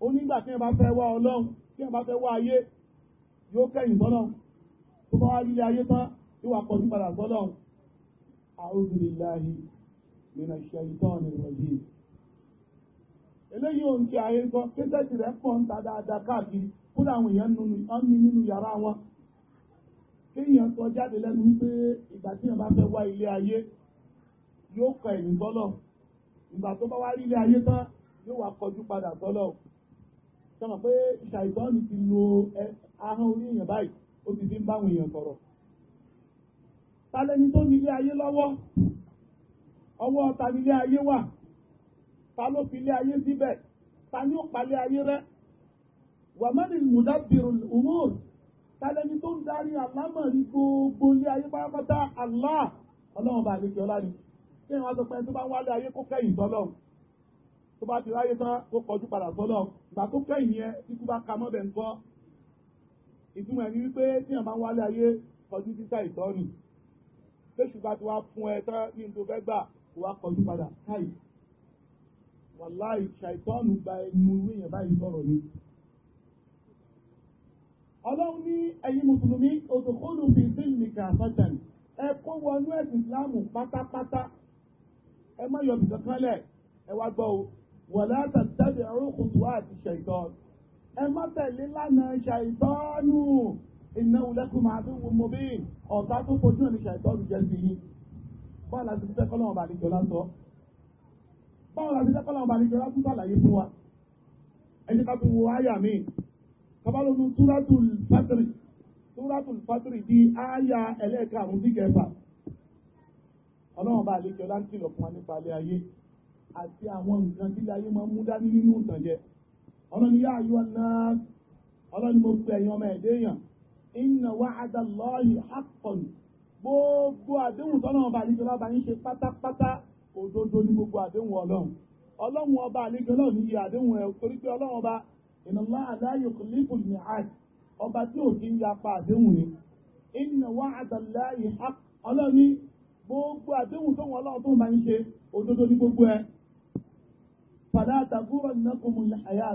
ó nígbà tí ẹ bá fẹ́ wá Ọlọ́run tí ẹ bá fẹ́ wá ayé yóò kẹ́yìn tó bá wá lílé nínú ṣẹ̀yìntàn ìrọ̀jì. eléyìí ohun tí ààyè sọ kéṣẹ́tì rẹ̀ pọ̀ ń ta dáadáa káàkiri kúrò àwọn èèyàn ní nínú yàrá wọn. kéèyàn sọ jáde lẹ́nu wípé ìgbà tí èèyàn bá fẹ́ wá ilé ayé yóò kọ ẹ̀yìn tọ́lọ̀ ìgbà tó bá wá rí ilé ayé tán yóò wá kọjú padà tọ́lọ̀ sọmọ pé ṣàìtọ́nù ti lo ahọ́n orí èèyàn báyìí ó ti fi ń báwọn èèyàn sọ̀rọ̀. talẹ́ni tó ní ilé ayé lọ́wọ́ ọwọ́ ta nílé ayé wà ta ló fi ilé ayé síbẹ̀ ta ni ó palẹ̀ ayé rẹ̀ wàmánì mùdábìrù umur tàlẹ́ni tó ń darí àlámọ̀rí gbogbo ilé ayé pátápátá Allah ọlọ́run bá àlejò ọlá ni kí wọ́n sọ pé tó bá ń wálé ayé kó kẹ́yìn tọ́lọ́run tó bá ti ráyé tán ó kọjú padà sọ́lọ́ ìgbà tó kẹ́yìn yẹn tí kú bá ka mọ́bẹ̀ ń kọ́ ìtumọ̀ ẹni wípé tí wọ́n bá ń wálé ayé kọjú sísá ìtọ́ni pé ṣùgbọ́n tí wọ́n fún ẹ tán ní n fẹ́ gbà wá kọjú padà káì wàláì ṣàìtọ́nù gba ẹnu wíyàn báyìí sọ̀rọ̀ ni. ọlọ́run ní ẹ̀yin mùsùlùmí òdòkóòdù fi sílùmí kàfàtàn ẹ kó wọnú ẹ̀sìn ìsìláàmù pátápátá ẹ má yọ bìkan kálẹ̀ ẹ wá gbọ́ o wọ̀lá tàbí àrùkùtù àti ṣàìtọ́n ẹ má tẹ̀lé lánàá ṣàìtọ́nù ìnáwó lẹ́kùn màdùn mọ́bí ọ̀tá tó fojú ẹ̀ ní ṣàìtọ́nù jẹ́ sí yín báwo la ti fẹ́ kọ́ lọ́wọ́ bàdìjọ́ lásọ báwo la ti fẹ́ kọ́ lọ́wọ́ bàdìjọ́ lásọ sàlàyé fún wa ẹ jẹ́ ká tún wo àyà mi kábàlónú súrátùl fátírì súrátùl fátírì di àyà ẹlẹ́ẹ̀ka àrùn sí kẹfà ọlọ́wọ́ bàdìjọ́ láńkìlọ̀ fún wa nípa alẹ́ ayé àti àwọn nǹkan tí ayé máa ń mú dání nínú ìtànjẹ ọlọ́ni yá ayọ́ náà ọlọ́ni mo pè ẹ̀yàn ọmọ ẹ̀dẹ́yàn inna wa'ada Allahi haqqan gbogbo àdéhùn tọ́nà ọba àlejò lába ń ṣe pátápátá òdodo ní gbogbo àdéhùn ọlọ́run ọlọ́run ọba àlejò náà ní iye àdéhùn ẹ̀ torí pé ọlọ́run ọba ìnáwó aláyò kìlífù ní ọba tí ò kí ń yapa àdéhùn ni ìnáwó àdàláyè ọlọ́run ní gbogbo àdéhùn ọlọ́run tó ń bá ṣe òdodo ní gbogbo ẹ̀ àtàkùrọ̀ nàkùnmù àyà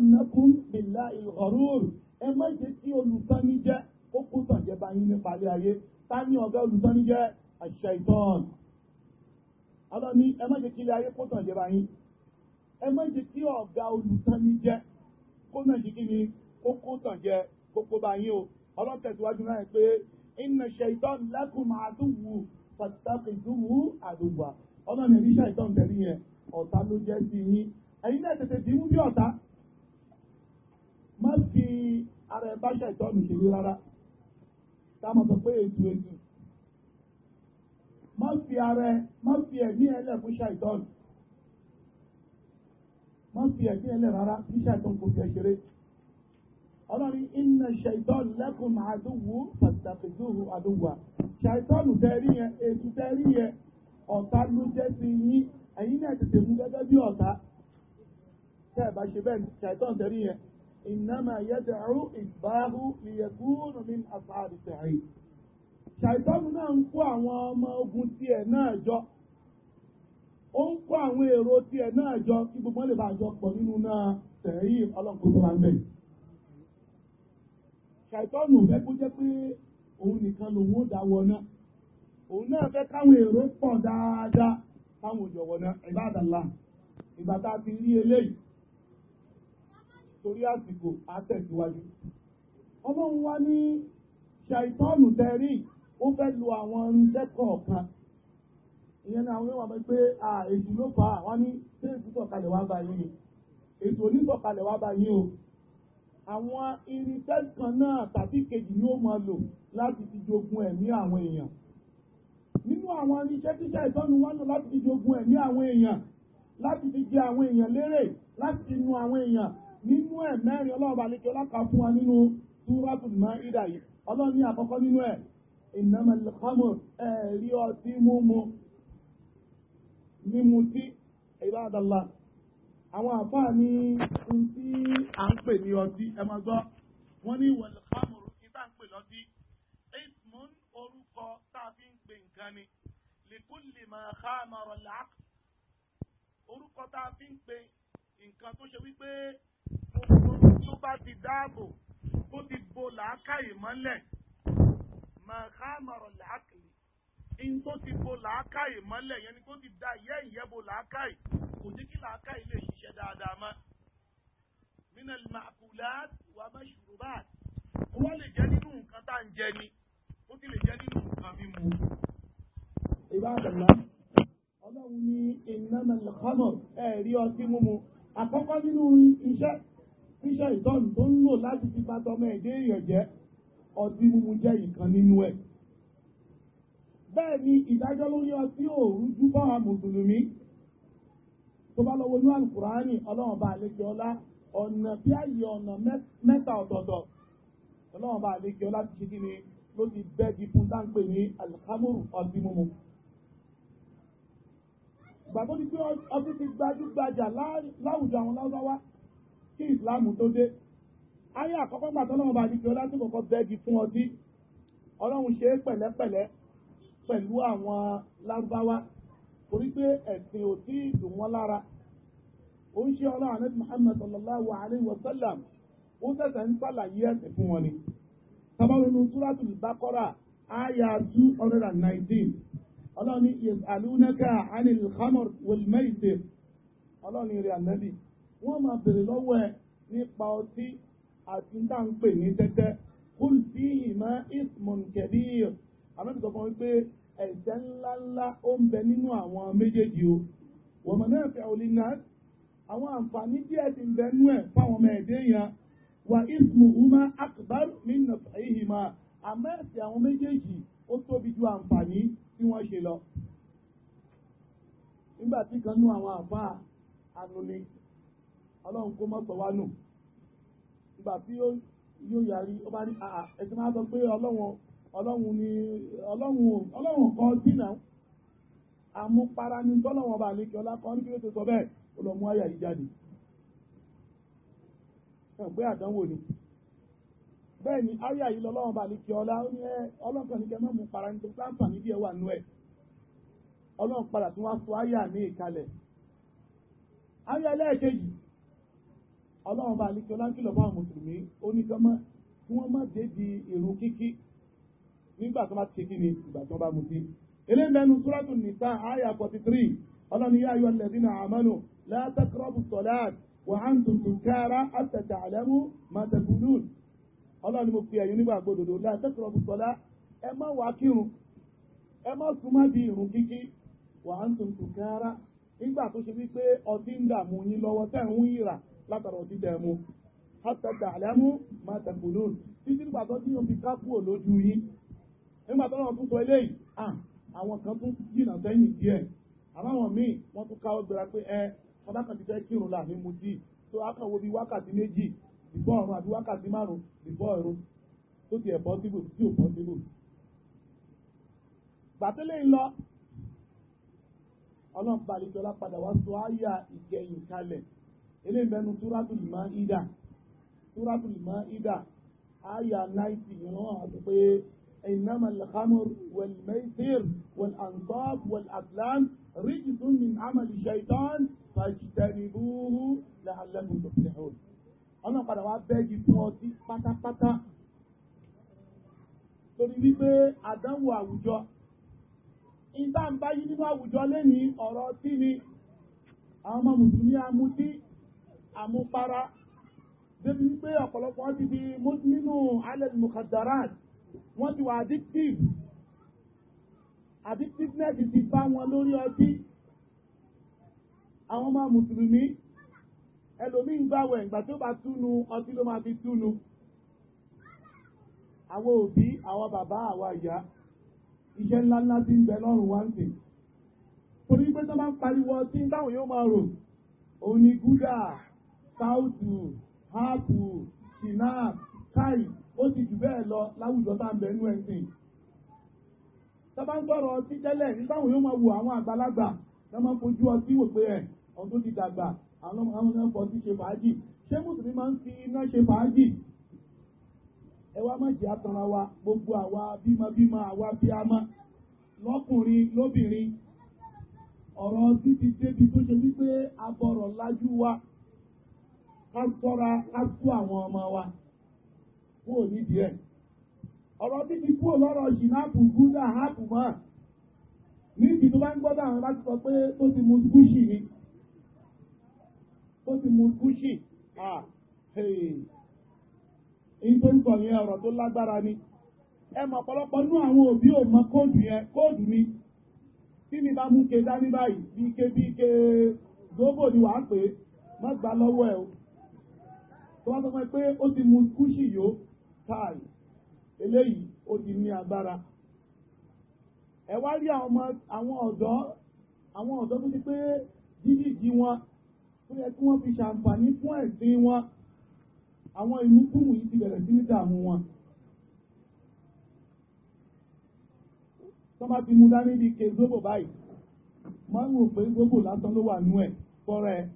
nàkùn ẹ má jẹ́ kí olùtanijẹ́ kó kó tàjẹ́ bá yín nípa ilé ayé ta ni ọ̀gá olùtanijẹ́ àṣàìtàn alọ́ni ẹ má jẹ́ kí ilé ayé kó tàjẹ́ bá yín ẹ má jẹ́ kí ọ̀gá olùtanijẹ́ kó náà ṣe kí ni kó kó tàjẹ́ kó kó bá yín o ọlọ́tẹ̀síwájú náà pé inna ṣàìtàn lakum àdúgbò fàtàkìdúwù àdúgbà ọlọ́ni ẹ̀rí ṣàìtàn tẹ̀lé yẹn ọ̀tá ló jẹ́ sí yín ẹ̀yin ara ẹba bá ṣàìtọ́nù kiri rara. ká máa sọ pé ètò ètò má fi ara fi fún ṣàìtọ́nù má fi ní ṣàìtọ́nù kò fi ẹ̀ṣẹ̀rẹ́ ọlọ́run inna ṣàìtọ́nù lakum àdúgbò pàtàkìdúró àdúgbò yẹn ètò yẹn ọ̀tá ló jẹ́ sí yín ẹ̀yin náà tètè mú gẹ́gẹ́ bí ọ̀tá tẹ́ ẹ̀ bá ṣe bẹ́ẹ̀ yẹn إنما يدعو إتباه ليكون من أصحاب السعيد ṣàìtọ́nù náà ń kó àwọn ọmọ ogun tiẹ̀ na jọ O ń kó àwọn èrò tiẹ̀ na jọ kí gbogbo lè bàa jọ pọ̀ nínú na tẹ̀yìn ọlọ́nkọ́ tó ń kó pé òun nìkan lòun ó náà òun náà káwọn èrò dáadáa káwọn torí àsìkò àtẹ̀síwájú. ọlọ́run wá ní ṣàìtọ́nù tẹ̀rí ó fẹ́ lo àwọn irinṣẹ́ kọ̀ọ̀kan ìyẹn ni àwọn èèyàn pé ètò ló fà á wá ní ṣé ètò sọ̀kalẹ̀ wá bá yín ètò onísọ̀kalẹ̀ wá bá yín o àwọn irinṣẹ́ kan náà tàbí kejì ni ó máa lò láti fi jogun ẹ̀mí àwọn èèyàn nínú àwọn irinṣẹ́ tíṣà ìtọ́nu wá lò láti fi jogun ẹ̀mí àwọn èèyàn láti fi jẹ àwọn èèyàn lérè láti nu àwọn èèyàn nínú ẹ̀ mẹ́rin ọlọ́ọ̀bà lẹ́kẹ́ ọlọ́kà fún wa nínú Suratul Maida yìí ọlọ́run ní àkọ́kọ́ nínú ẹ̀ innamal khamr ẹ̀rí ọtí mímu mímu tí ìbádàlá àwọn àfáà ní ohun tí à ń pè ní ọtí ẹ máa gbọ́ wọ́n ní wal khamr ìta ń pè lọ́tí ismun orúkọ tá a fi ń gbé nǹkan ni likulli ma khamara al-aql orúkọ tá a fi ń gbé nǹkan tó ṣe wípé gbogbo tó bá ti dáàbò ó ti bo làákàyè mọ́lẹ̀ màkàmọ̀rọ̀ làákàyè in tó ti bo làákàyè mọ́lẹ̀ yẹn ni kó ti da ìyẹ́ ìyẹ́ bo làákàyè kò ní kí làákàyè lè ṣiṣẹ́ dáadáa mọ́ nínú màkùlát wà má ṣùrùbá wọ́n lè jẹ́ nínú nǹkan tá à ń jẹ ni ó ti lè jẹ́ nínú nǹkan mímu. ìbáraẹ̀lá ọlọ́run ní ìnáma lọ́kọ́mọ̀ ẹ̀rí ọtí mímu àkọ́kọ́ nínú iṣẹ́ iṣẹ́ ìtọ́nù tó ń lò láti fi pátọ́ ọmọ ẹ̀dẹ́ èèyàn jẹ́ ọtí mímu jẹ́ ìkan nínú ẹ̀. bẹ́ẹ̀ ni ìdájọ́ lórí ọtí òòrùn jú bá wa mùsùlùmí tó bá lọ́wọ́ inú àlùkùránì ọlọ́run bá àlejò ọlá ọ̀nà bí àyè ọ̀nà mẹ́ta ọ̀tọ̀ọ̀tọ̀ ọlọ́run bá àlejò ọlá ti ṣe kí ni ló ti bẹ́ di fún táǹpẹ̀ ní alùkámúrù ọtí mímu. ìgbà tó ti pé ọtí ti gbajúgbajà láwùjọ àwọn láwùjọ wa kí ìsìláàmù tó dé ayé àkọ́kọ́ gbà tọ́lọ́run bá dìkì ọlá tí kọ̀kọ́ bẹ́ẹ̀gì fún ọtí ọlọ́run ṣe é pẹ̀lẹ́pẹ̀lẹ́ pẹ̀lú àwọn lárúbáwá torí pé ẹ̀sìn ò tí ì dùn wọ́n lára ó ń ṣe ọlọ́run àná Muhammad sallallahu alayhi wa sallam ó sẹ̀sẹ̀ ń sàlàyé ẹ̀sìn fún wọn ni tabalolu suratul Baqara aya two hundred and nineteen ọlọ́run ni yas'alunaka anil khamr wal ọlọ́run ni rẹ̀ ànábì wọ́n máa bèrè lọ́wọ́ ẹ nípa ọtí àti níta ń pè ní tẹ́tẹ́ kúl sí ìmọ̀ ismun kabir àmọ́bí sọ fún mi pé ẹ̀ṣẹ̀ ńláńlá ó ń bẹ nínú àwọn méjèèjì o wọ́n mọ̀ náà fẹ́ òlì náà àwọn àǹfààní díẹ̀ ti ń bẹ nú ẹ̀ fáwọn ọmọ ẹ̀dẹ́ yẹn wà ismuhuma akbar min naf'ihima àmọ́ àwọn méjèèjì ó tóbi ju àǹfààní tí wọ́n ṣe lọ nígbà tí kan nú àwọn àfáà anoni ọlọ́run kó mọ́sọ̀ wá nù ìgbà tí yóò yàrí ó bá ní àà ẹ̀sìn máa sọ pé ọlọ́run ọlọ́run ni ọlọ́run kan dínà àmupara ni tọ́lọ́wọ́n bá lékè ọlá kan ní kí ló ti sọ bẹ́ẹ̀ ó lọ mú àyà yìí jáde pé àdánwò ni bẹ́ẹ̀ ni àyà yìí lọ́lọ́wọ́n bá lékè ọlá ó ní ọlọ́kàn ní kẹ́ mọ́ mú para ní tó sáǹfà ní díẹ̀ wà nú ẹ̀ ọlọ́run padà tí wọ́n sọ àyà ní ìkalẹ̀ àyà ẹlẹ́ẹ̀kejì ọlọ́run bá alíkẹ́ ọlákìlọ̀ bá mùsùlùmí ó ní kọ́mọ́ kí wọ́n má dé di èrò kíkí nígbà tó bá ti kí ni ìgbà tó bá mutí. eléńbẹ́nu súrátù nìta àyà forty three ọlọ́ni yá ayọ̀ lẹ́dínà àmọ́nù látàkọ́rọ́bù sọ̀láàt wà á ń tuntun kára àtẹ̀tẹ̀ àlẹ́mú màtẹ̀kùnún. ọlọ́ni mo fi ẹ̀yin nígbà gbòdòdó látàkọ́rọ́bù sọ̀lá ẹ má wá kírun ẹ má látara ọtí tẹ mu hátà tàlẹ́mú máa tẹ̀kùnú títí nígbà tó tí yóò fi ká kúrò lójú yín nígbà tó náà tún sọ eléyìí àwọn kan tún jìnnà sẹ́yìn díẹ̀ àbáwọn míì wọ́n tún káwọ́ gbéra pé ẹ fọdá kan ti fẹ́ kírun là ní mu dì tó a kàn wo bí wákàtí méjì bìbọ́ ọ̀run àbí wákàtí márùn-ún bìbọ́ ọ̀run tó ti ẹ̀ pọ́sibù tí ò pọ́sibù. gbàtẹ́lẹ̀ ń lọ ọlọ́run balẹ̀ ìjọba padà wá sọ àyà ìkẹyìn eléyìí bẹnu Suratul Maida Suratul Maida àyà náìtì yìí wọ́n wà pé innamal khamru wal maisir wal ansab wal azlam rijsun min amali shaitan fajtanibuhu la'allakum tuflihun ọ̀nà padà wá bẹ́ẹ̀gì fún ọtí pátápátá torí wípé àdánwò àwùjọ ìta ń báyí nínú àwùjọ lẹ́ni ọ̀rọ̀ tí ni àwọn ọmọ mùsùlùmí amúdí àmupara débi wípé ọ̀pọ̀lọpọ̀ wọn ti di nínú alẹ́ mukadarat wọ́n ti wà addictive addictiveness ti bá wọn lórí ọtí àwọn ọmọ mùsùlùmí ẹlòmíín gbàwẹ̀ ìgbà tí ó bá túnu ọtí ló máa fi túnu àwọn òbí àwọn bàbá àwọn ìyá iṣẹ́ ńlá ńlá ti ń bẹ lọ́rùn wá ń sìn torí pé tó bá ń pariwo ọtí táwọn yóò máa rò òun ni gúdà káùtù hapu ṣìnà káì ó ti jù bẹ́ẹ̀ lọ láwùjọ tá à ń bẹ nú ẹ̀sìn. sábà ń sọ̀rọ̀ ọtí tẹ́lẹ̀ nígbà wọn yóò máa wo àwọn àgbàlagbà lọ́ máa fojú ọtí wò pé ẹ̀ ọ̀n tó ti dàgbà àwọn ṣe fàájì ṣé mùsùlùmí máa ń fi iná ṣe fàájì ẹ wá má jẹ́ àtàrà wa gbogbo àwa àwa lọ́kùnrin lóbìnrin ọ̀rọ̀ débi tó ṣe wípé lájú wa ká sọ́ra ká tú àwọn ọmọ wa kúrò nídìí ẹ̀ ọ̀rọ̀ títí kúrò lọ́rọ̀ ṣìnáàpù gúdà háàpù mọ́ níbi tó bá ń gbọ́dọ̀ àwọn bá ti sọ pé tó ti mu skúṣì ni tó ti mu skúṣì ah èyí tó ń sọ yẹn ọ̀rọ̀ tó lágbára ni ẹ mọ̀ ọ̀pọ̀lọpọ̀ nú àwọn òbí ò mọ kóòdù yẹn kóòdù ni tí mi bá mú ke dání báyìí bí ike bí ike gbogbo ni wàá pè é má gbà lọ́wọ́ ẹ o tó wá sọ fún ẹ pé ó ti mu kúṣì yó táì eléyìí ó ti ní agbára ẹ wá rí àwọn ọ̀dọ́ àwọn ọ̀dọ́ tó ti pé jíjìjì wọn tó yẹ kí wọ́n fi ṣàǹfààní fún ẹ̀sìn wọn àwọn ìmúkùmù yìí ti bẹ̀rẹ̀ sí ní dààmú wọn. tọ́ba ti mu dání bíi ke báyìí máa ń rò pé zobo lásán ló wà nú ẹ̀ fọ́rẹ́ ẹ̀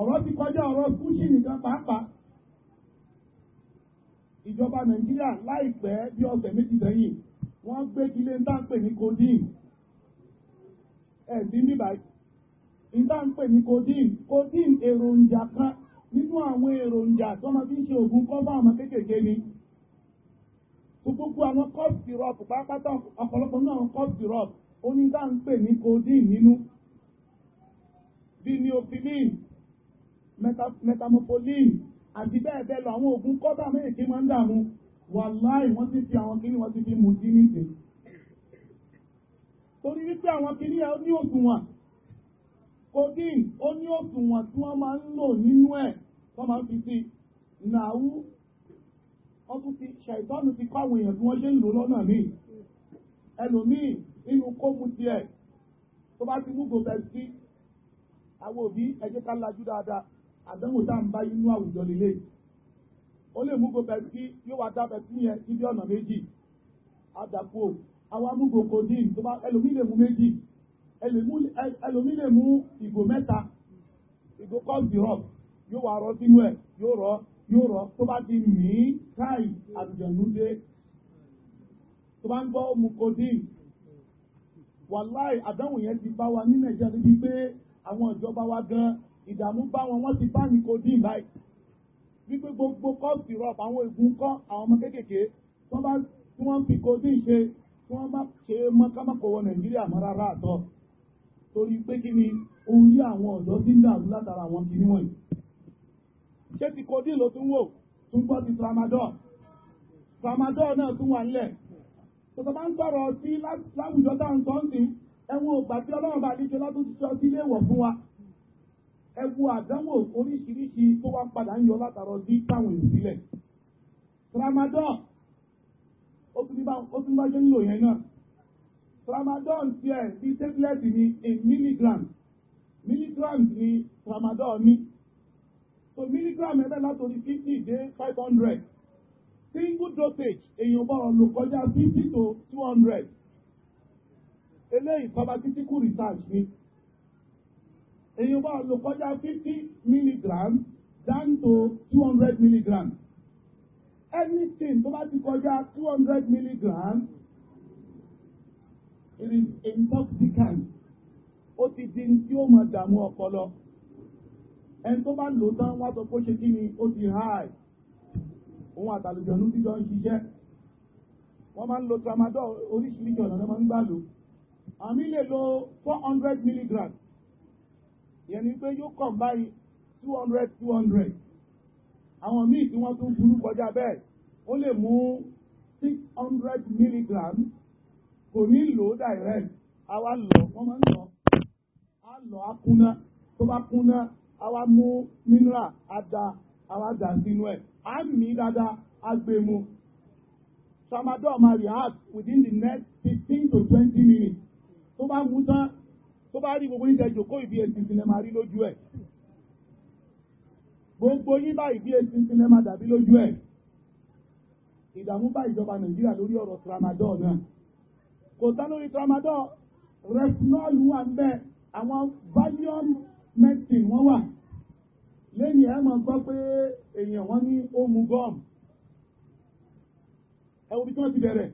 ọ̀rọ̀ ti kọjá ọ̀rọ̀ kúṣì nìkan pàápàá ìjọba nàìjíríà láìpẹ́ bí ọ̀sẹ̀ méjì sẹ́yìn wọ́n gbé kílé ń dáńpè ní codeine ẹ̀sìn níbà ń dáńpè ní codeine codeine èròjà kan nínú àwọn èròjà tó máa fi ń ṣe oògùn kọ́fà àwọn kéékèèké ni tó gbogbo àwọn cough syrup pápátá ọ̀pọ̀lọpọ̀ náà cough syrup ó ní dáńpè ní codeine nínú bí neophyline metamorpholin àti bẹ́ẹ̀ bẹ́ẹ̀ lọ àwọn oògùn kọ́tà mẹ́rin kí máa ń dààmú wàláì wọ́n ti fi àwọn kíní wọ́n ti fi mú sí nìṣe torí wípé àwọn kíní ẹ̀ ní òṣùwọ̀n codeine ó ní òṣùwọ̀n tí wọ́n máa ń lò nínú ẹ̀ wọ́n máa ń fi sí nàáwú wọ́n tún ti ṣàìtọ́nù ti kọ́ àwọn èèyàn bí wọ́n ṣe ń lò lọ́nà míì ẹlòmíì nínú kóòmù tiẹ̀ tó bá ti mú gòbẹ̀ sí àwọn òbí ẹ jẹ́ ká lajú dáadáa àdánwò tá à ń bá inú àwùjọ lélẹ̀ ó lè mú gbogbo ẹbí yóò wá dábẹ́ sí yẹn síbi ọ̀nà méjì àdàpọ̀ àwọn amúgbò codeine tó bá ẹlòmí lè mú méjì ẹlòmí lè mú ìgò mẹ́ta ìgò kọ́ọ̀sì rọ̀ yóò wá rọ sínú ẹ̀ yóò rọ yóò rọ tó bá ti mí káì àjọ̀nú tó bá ń gbọ́ mu codeine wàláì àdánwò yẹn ti bá wa ní nàìjíríà níbi pé àwọn ìjọba wa gan ìdààmú bá wọn wọ́n ti bá ní codeine báyìí wípé gbogbo cough syrup àwọn ègún kọ́ àwọn ọmọ kéékèèké tí wọ́n fi codeine ṣe tí wọ́n má ṣe mọ́kámọ́kọ̀ wọ nàìjíríà mọ́ rárá àtọ́ torí pé kí ni orí àwọn ọ̀dọ́ tí ń dàrú látara àwọn kìíní wọ̀nyí ṣé ti codeine ló tún wò tún gbọ́ ti tramadol tramadol náà tún wà nílẹ̀ tọ́tọ́ bá ń sọ̀rọ̀ sí láwùjọ tá à ń ẹ̀wọ̀n ògbà tí ọlọ́run bá díje látún ti ṣe ọtí fún wa ẹ wo àdánwò oríṣiríṣi tó wá padà ń yọ látàrọ dí táwọn ìsílẹ̀ tramadol ó tún bá jẹ́ nílò yẹn náà tramadol tiẹ̀ bíi tablet ni a milligram milligram ni tramadol ní so milligram ẹ̀rẹ́ látòrí fifty dé five hundred single dosage èèyàn bọ̀rọ̀ lò kọjá fifty to two hundred eléyìí kọba títí kú research ni èyí bá lò kọjá fifty milligram down to two hundred milligram anything tó bá ti kọjá two hundred milligram it is intoxicant ó ti di tí ó máa dààmú ọpọlọ ẹni tó bá lò tán wá sọ pé ó ṣe kí ni ó ti high òun àtàlùjọ̀nú ti jọ ń ṣiṣẹ́ wọ́n máa ń lo tramadol oríṣiríṣi ọ̀nà náà máa ń gbà lò àmì lè lo four hundred milligrams yẹn ni pé yóò kàn báyìí two hundred two hundred àwọn míì tí wọ́n tún burú kọjá bẹ́ẹ̀ ó lè mú six hundred milligram kò ní lò direct àwa lọ wọ́n máa ń lọ á lọ á kúnná tó bá kúnná àwa mú mineral á da àwa dà sínú ẹ̀ á mí dáadáa á gbé e mu tramadol máa react within the next fifteen to twenty minutes tó bá mú tán tó bá rí gbogbo yín tẹ jòkó ìbí ẹsìn ìpínlẹ̀ máa rí lójú ẹ̀ gbogbo yín bá ìbí ẹsìn ìpínlẹ̀ máa dàbí lójú ẹ̀ ìdààmú bá ìjọba nàìjíríà lórí ọ̀rọ̀ tramadol náà kò tán lórí tramadol refnol wà ń bẹ àwọn valium medicine wọ́n wà lẹ́yìn ẹ̀ máa gbọ́ pé èèyàn wọ́n ní ó mu gum ẹ̀ wo bí tí wọ́n ti bẹ̀rẹ̀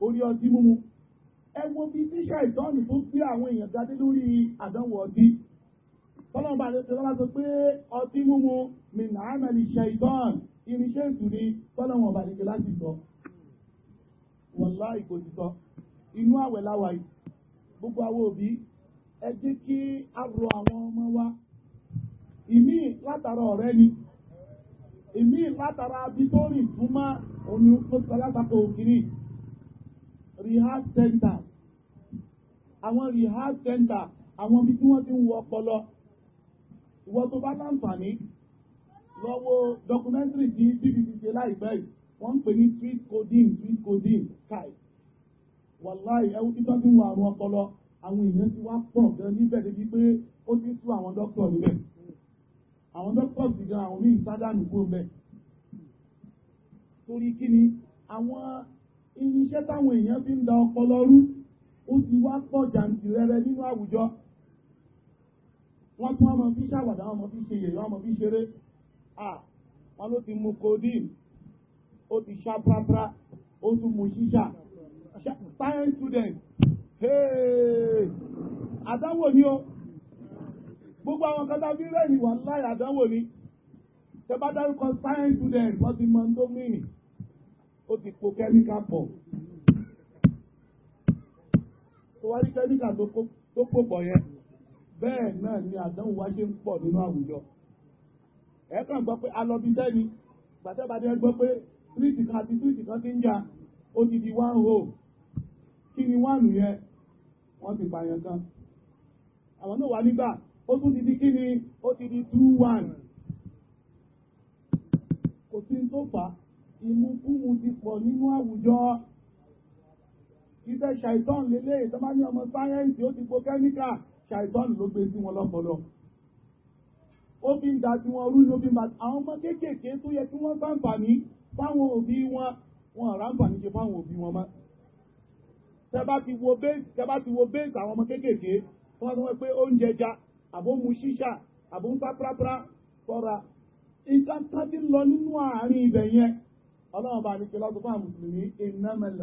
orí ọtí mímu ẹ wo bí tíṣà ìtọ́nù tó gbé àwọn èèyàn jáde lórí àdánwò ọtí tọ́lọ́mọba àti ọlọ́mọba sọ pé ọtí mímu mi nàánà lè ṣe ìtọ́n irinṣẹ́ ètò ni tọ́lọ́mọba àti láti sọ wọ́lá ìkòtítọ́ inú àwẹ̀ láwa yìí gbogbo àwọn òbí ẹ jẹ́ kí a rọ àwọn ọmọ wa ìmí látara ọ̀rẹ́ ni ìmí látara abitórì fún má omi sọ látàkọ òkiri rehab center àwọn rehab center àwọn ibi tí wọ́n ti ń wọ ọpọlọ ìwọ tó bá láǹfààní lọ́wọ́ documentary tí bbc ṣe láìpẹ́ yìí wọ́n ń pè ní street coding street coding kai wàláì ẹwú títọ́ tí ń wọ àrùn ọpọlọ àwọn èèyàn ti wá pọ̀ gan níbẹ̀ débi pé ó ti tú àwọn doctor, níbẹ̀ àwọn dókítọ̀ sì gan àwọn míì sádàánù kó ń bẹ̀ torí kí ni àwọn irinṣẹ́ táwọn èèyàn fi ń da ọpọlọ rú ó ti wá pọ̀ jàǹtìrẹrẹ nínú àwùjọ wọ́n tún ọmọ fi ṣàwàdà ọmọ fi ṣe yẹ̀yọ́ ọmọ fi ṣeré à wọn ló ti mu codeine ó ti ṣá prapra ó tún mu ṣíṣà science student àdánwò ni ó gbogbo àwọn kan tàbí rẹ́ẹ̀lì wà láì àdánwò ni tẹ dárúkọ science student wọ́n ti mọ tó mìíràn ó ti po kẹ́míkà pọ̀ tó wá rí kẹ́ríkà tó pò pọ̀ yẹn bẹ́ẹ̀ náà ni àdánwò wá ṣe ń pọ̀ nínú àwùjọ ẹ kàn gbọ́ pé alọ́bí tẹ́ni gbàtẹ́bàdé gbọ́ pé tíríìtì kan àti tíríìtì kan ti ń jà ó di one hole kí ni wánù yẹn wọ́n ti pààyàn kan àwọn náà wà nígbà ó tún ti di kí ni ó ti di two one kò sí tó fà á ìmúkúmu ti pọ̀ nínú àwùjọ iṣẹ́ ṣàìtàn lélẹ̀ ìtọ́má ní ọmọ sáyẹ́ǹsì ó ti po kẹ́míkà ṣàìtàn ló gbé sí wọn lọ́pọlọ ó fi ń da tí wọn rú ló fi ń ba àwọn ọmọ kéékèèké tó yẹ kí wọ́n ṣàǹfààní fáwọn òbí wọn wọn àràǹfààní ṣe fáwọn òbí wọn mọ́ tẹ́bá ti ti wo bẹ́ẹ̀sì àwọn ọmọ kéékèèké wọ́n sọ pé oúnjẹ ja àbó mu ṣíṣà àbó ń pápápá sọ́ra nǹkan tábí lọ nínú àárín ibẹ̀ yẹn ọlọ́run bá ní kí lọ́sọ̀ fún àwọn mùsùlùmí innamal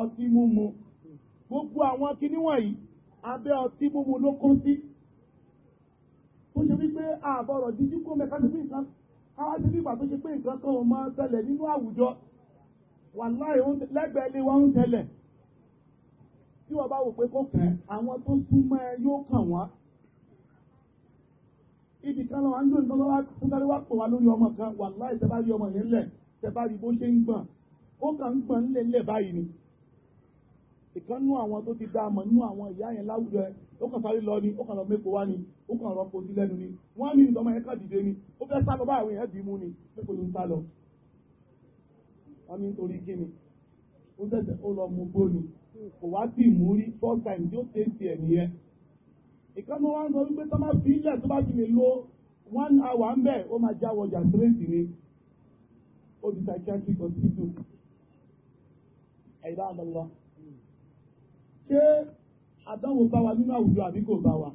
ọtí múmu gbogbo àwọn kinní wọ̀nyí abẹ́ ọtí múmu ló kún sí ó ṣe wípé àbọ̀rọ̀ díjú kó mẹ́ta sí nǹkan káwá sí nígbà tó ṣe pé nǹkan kan ò mọ ṣẹlẹ̀ nínú àwùjọ wàláì lẹ́gbẹ̀ẹ́ lé wọn ń tẹlẹ̀ tí wọ́n bá wò pé kó kẹ́ àwọn tó súnmọ́ ẹ yóò kàn wọ́n ibi kan lọ́wọ́ ń dòdò lọ́wọ́ tó wá pò wá lórí ọmọ kan wàláì tẹ́ bá rí ọmọ yẹn lẹ̀ tẹ́ bá rí bó ṣe ń gbọ̀n ó kàn ń gbọ̀n ńlẹ̀ ńlẹ̀ báyìí ni ìkan nú àwọn tó ti dáa mọ̀ nú àwọn ìyá yẹn láwùjọ ẹ̀ ó kàn sáré lọ ni ó kàn lọ mẹ́kọ̀ọ́ wá ni ó kàn lọ kó lẹ́nu ni wọ́n á ní ìlọ́mọ yẹn kàn dìde ni ó fẹ́ sá lọ bá àwọn èèyàn dì mú ni mẹ́kọ̀ọ́ ló ń sá lọ. wọ́n ní torí kí ni ó tẹ̀sẹ̀ ó lọ mú gbó kò wá sí ìmúrí first time tí ó ṣe é tiẹ̀ nìyẹn. ìkan mọ́ wá ń sọ wípé tó bá fi ilẹ̀ tó bá fi lè lo one hour ń bẹ̀ ó máa jáwọ́ ni ó di psychiatric hospital ẹ̀dá ṣé àdánwò bá wa nínú àwùjọ àbí kò bá wa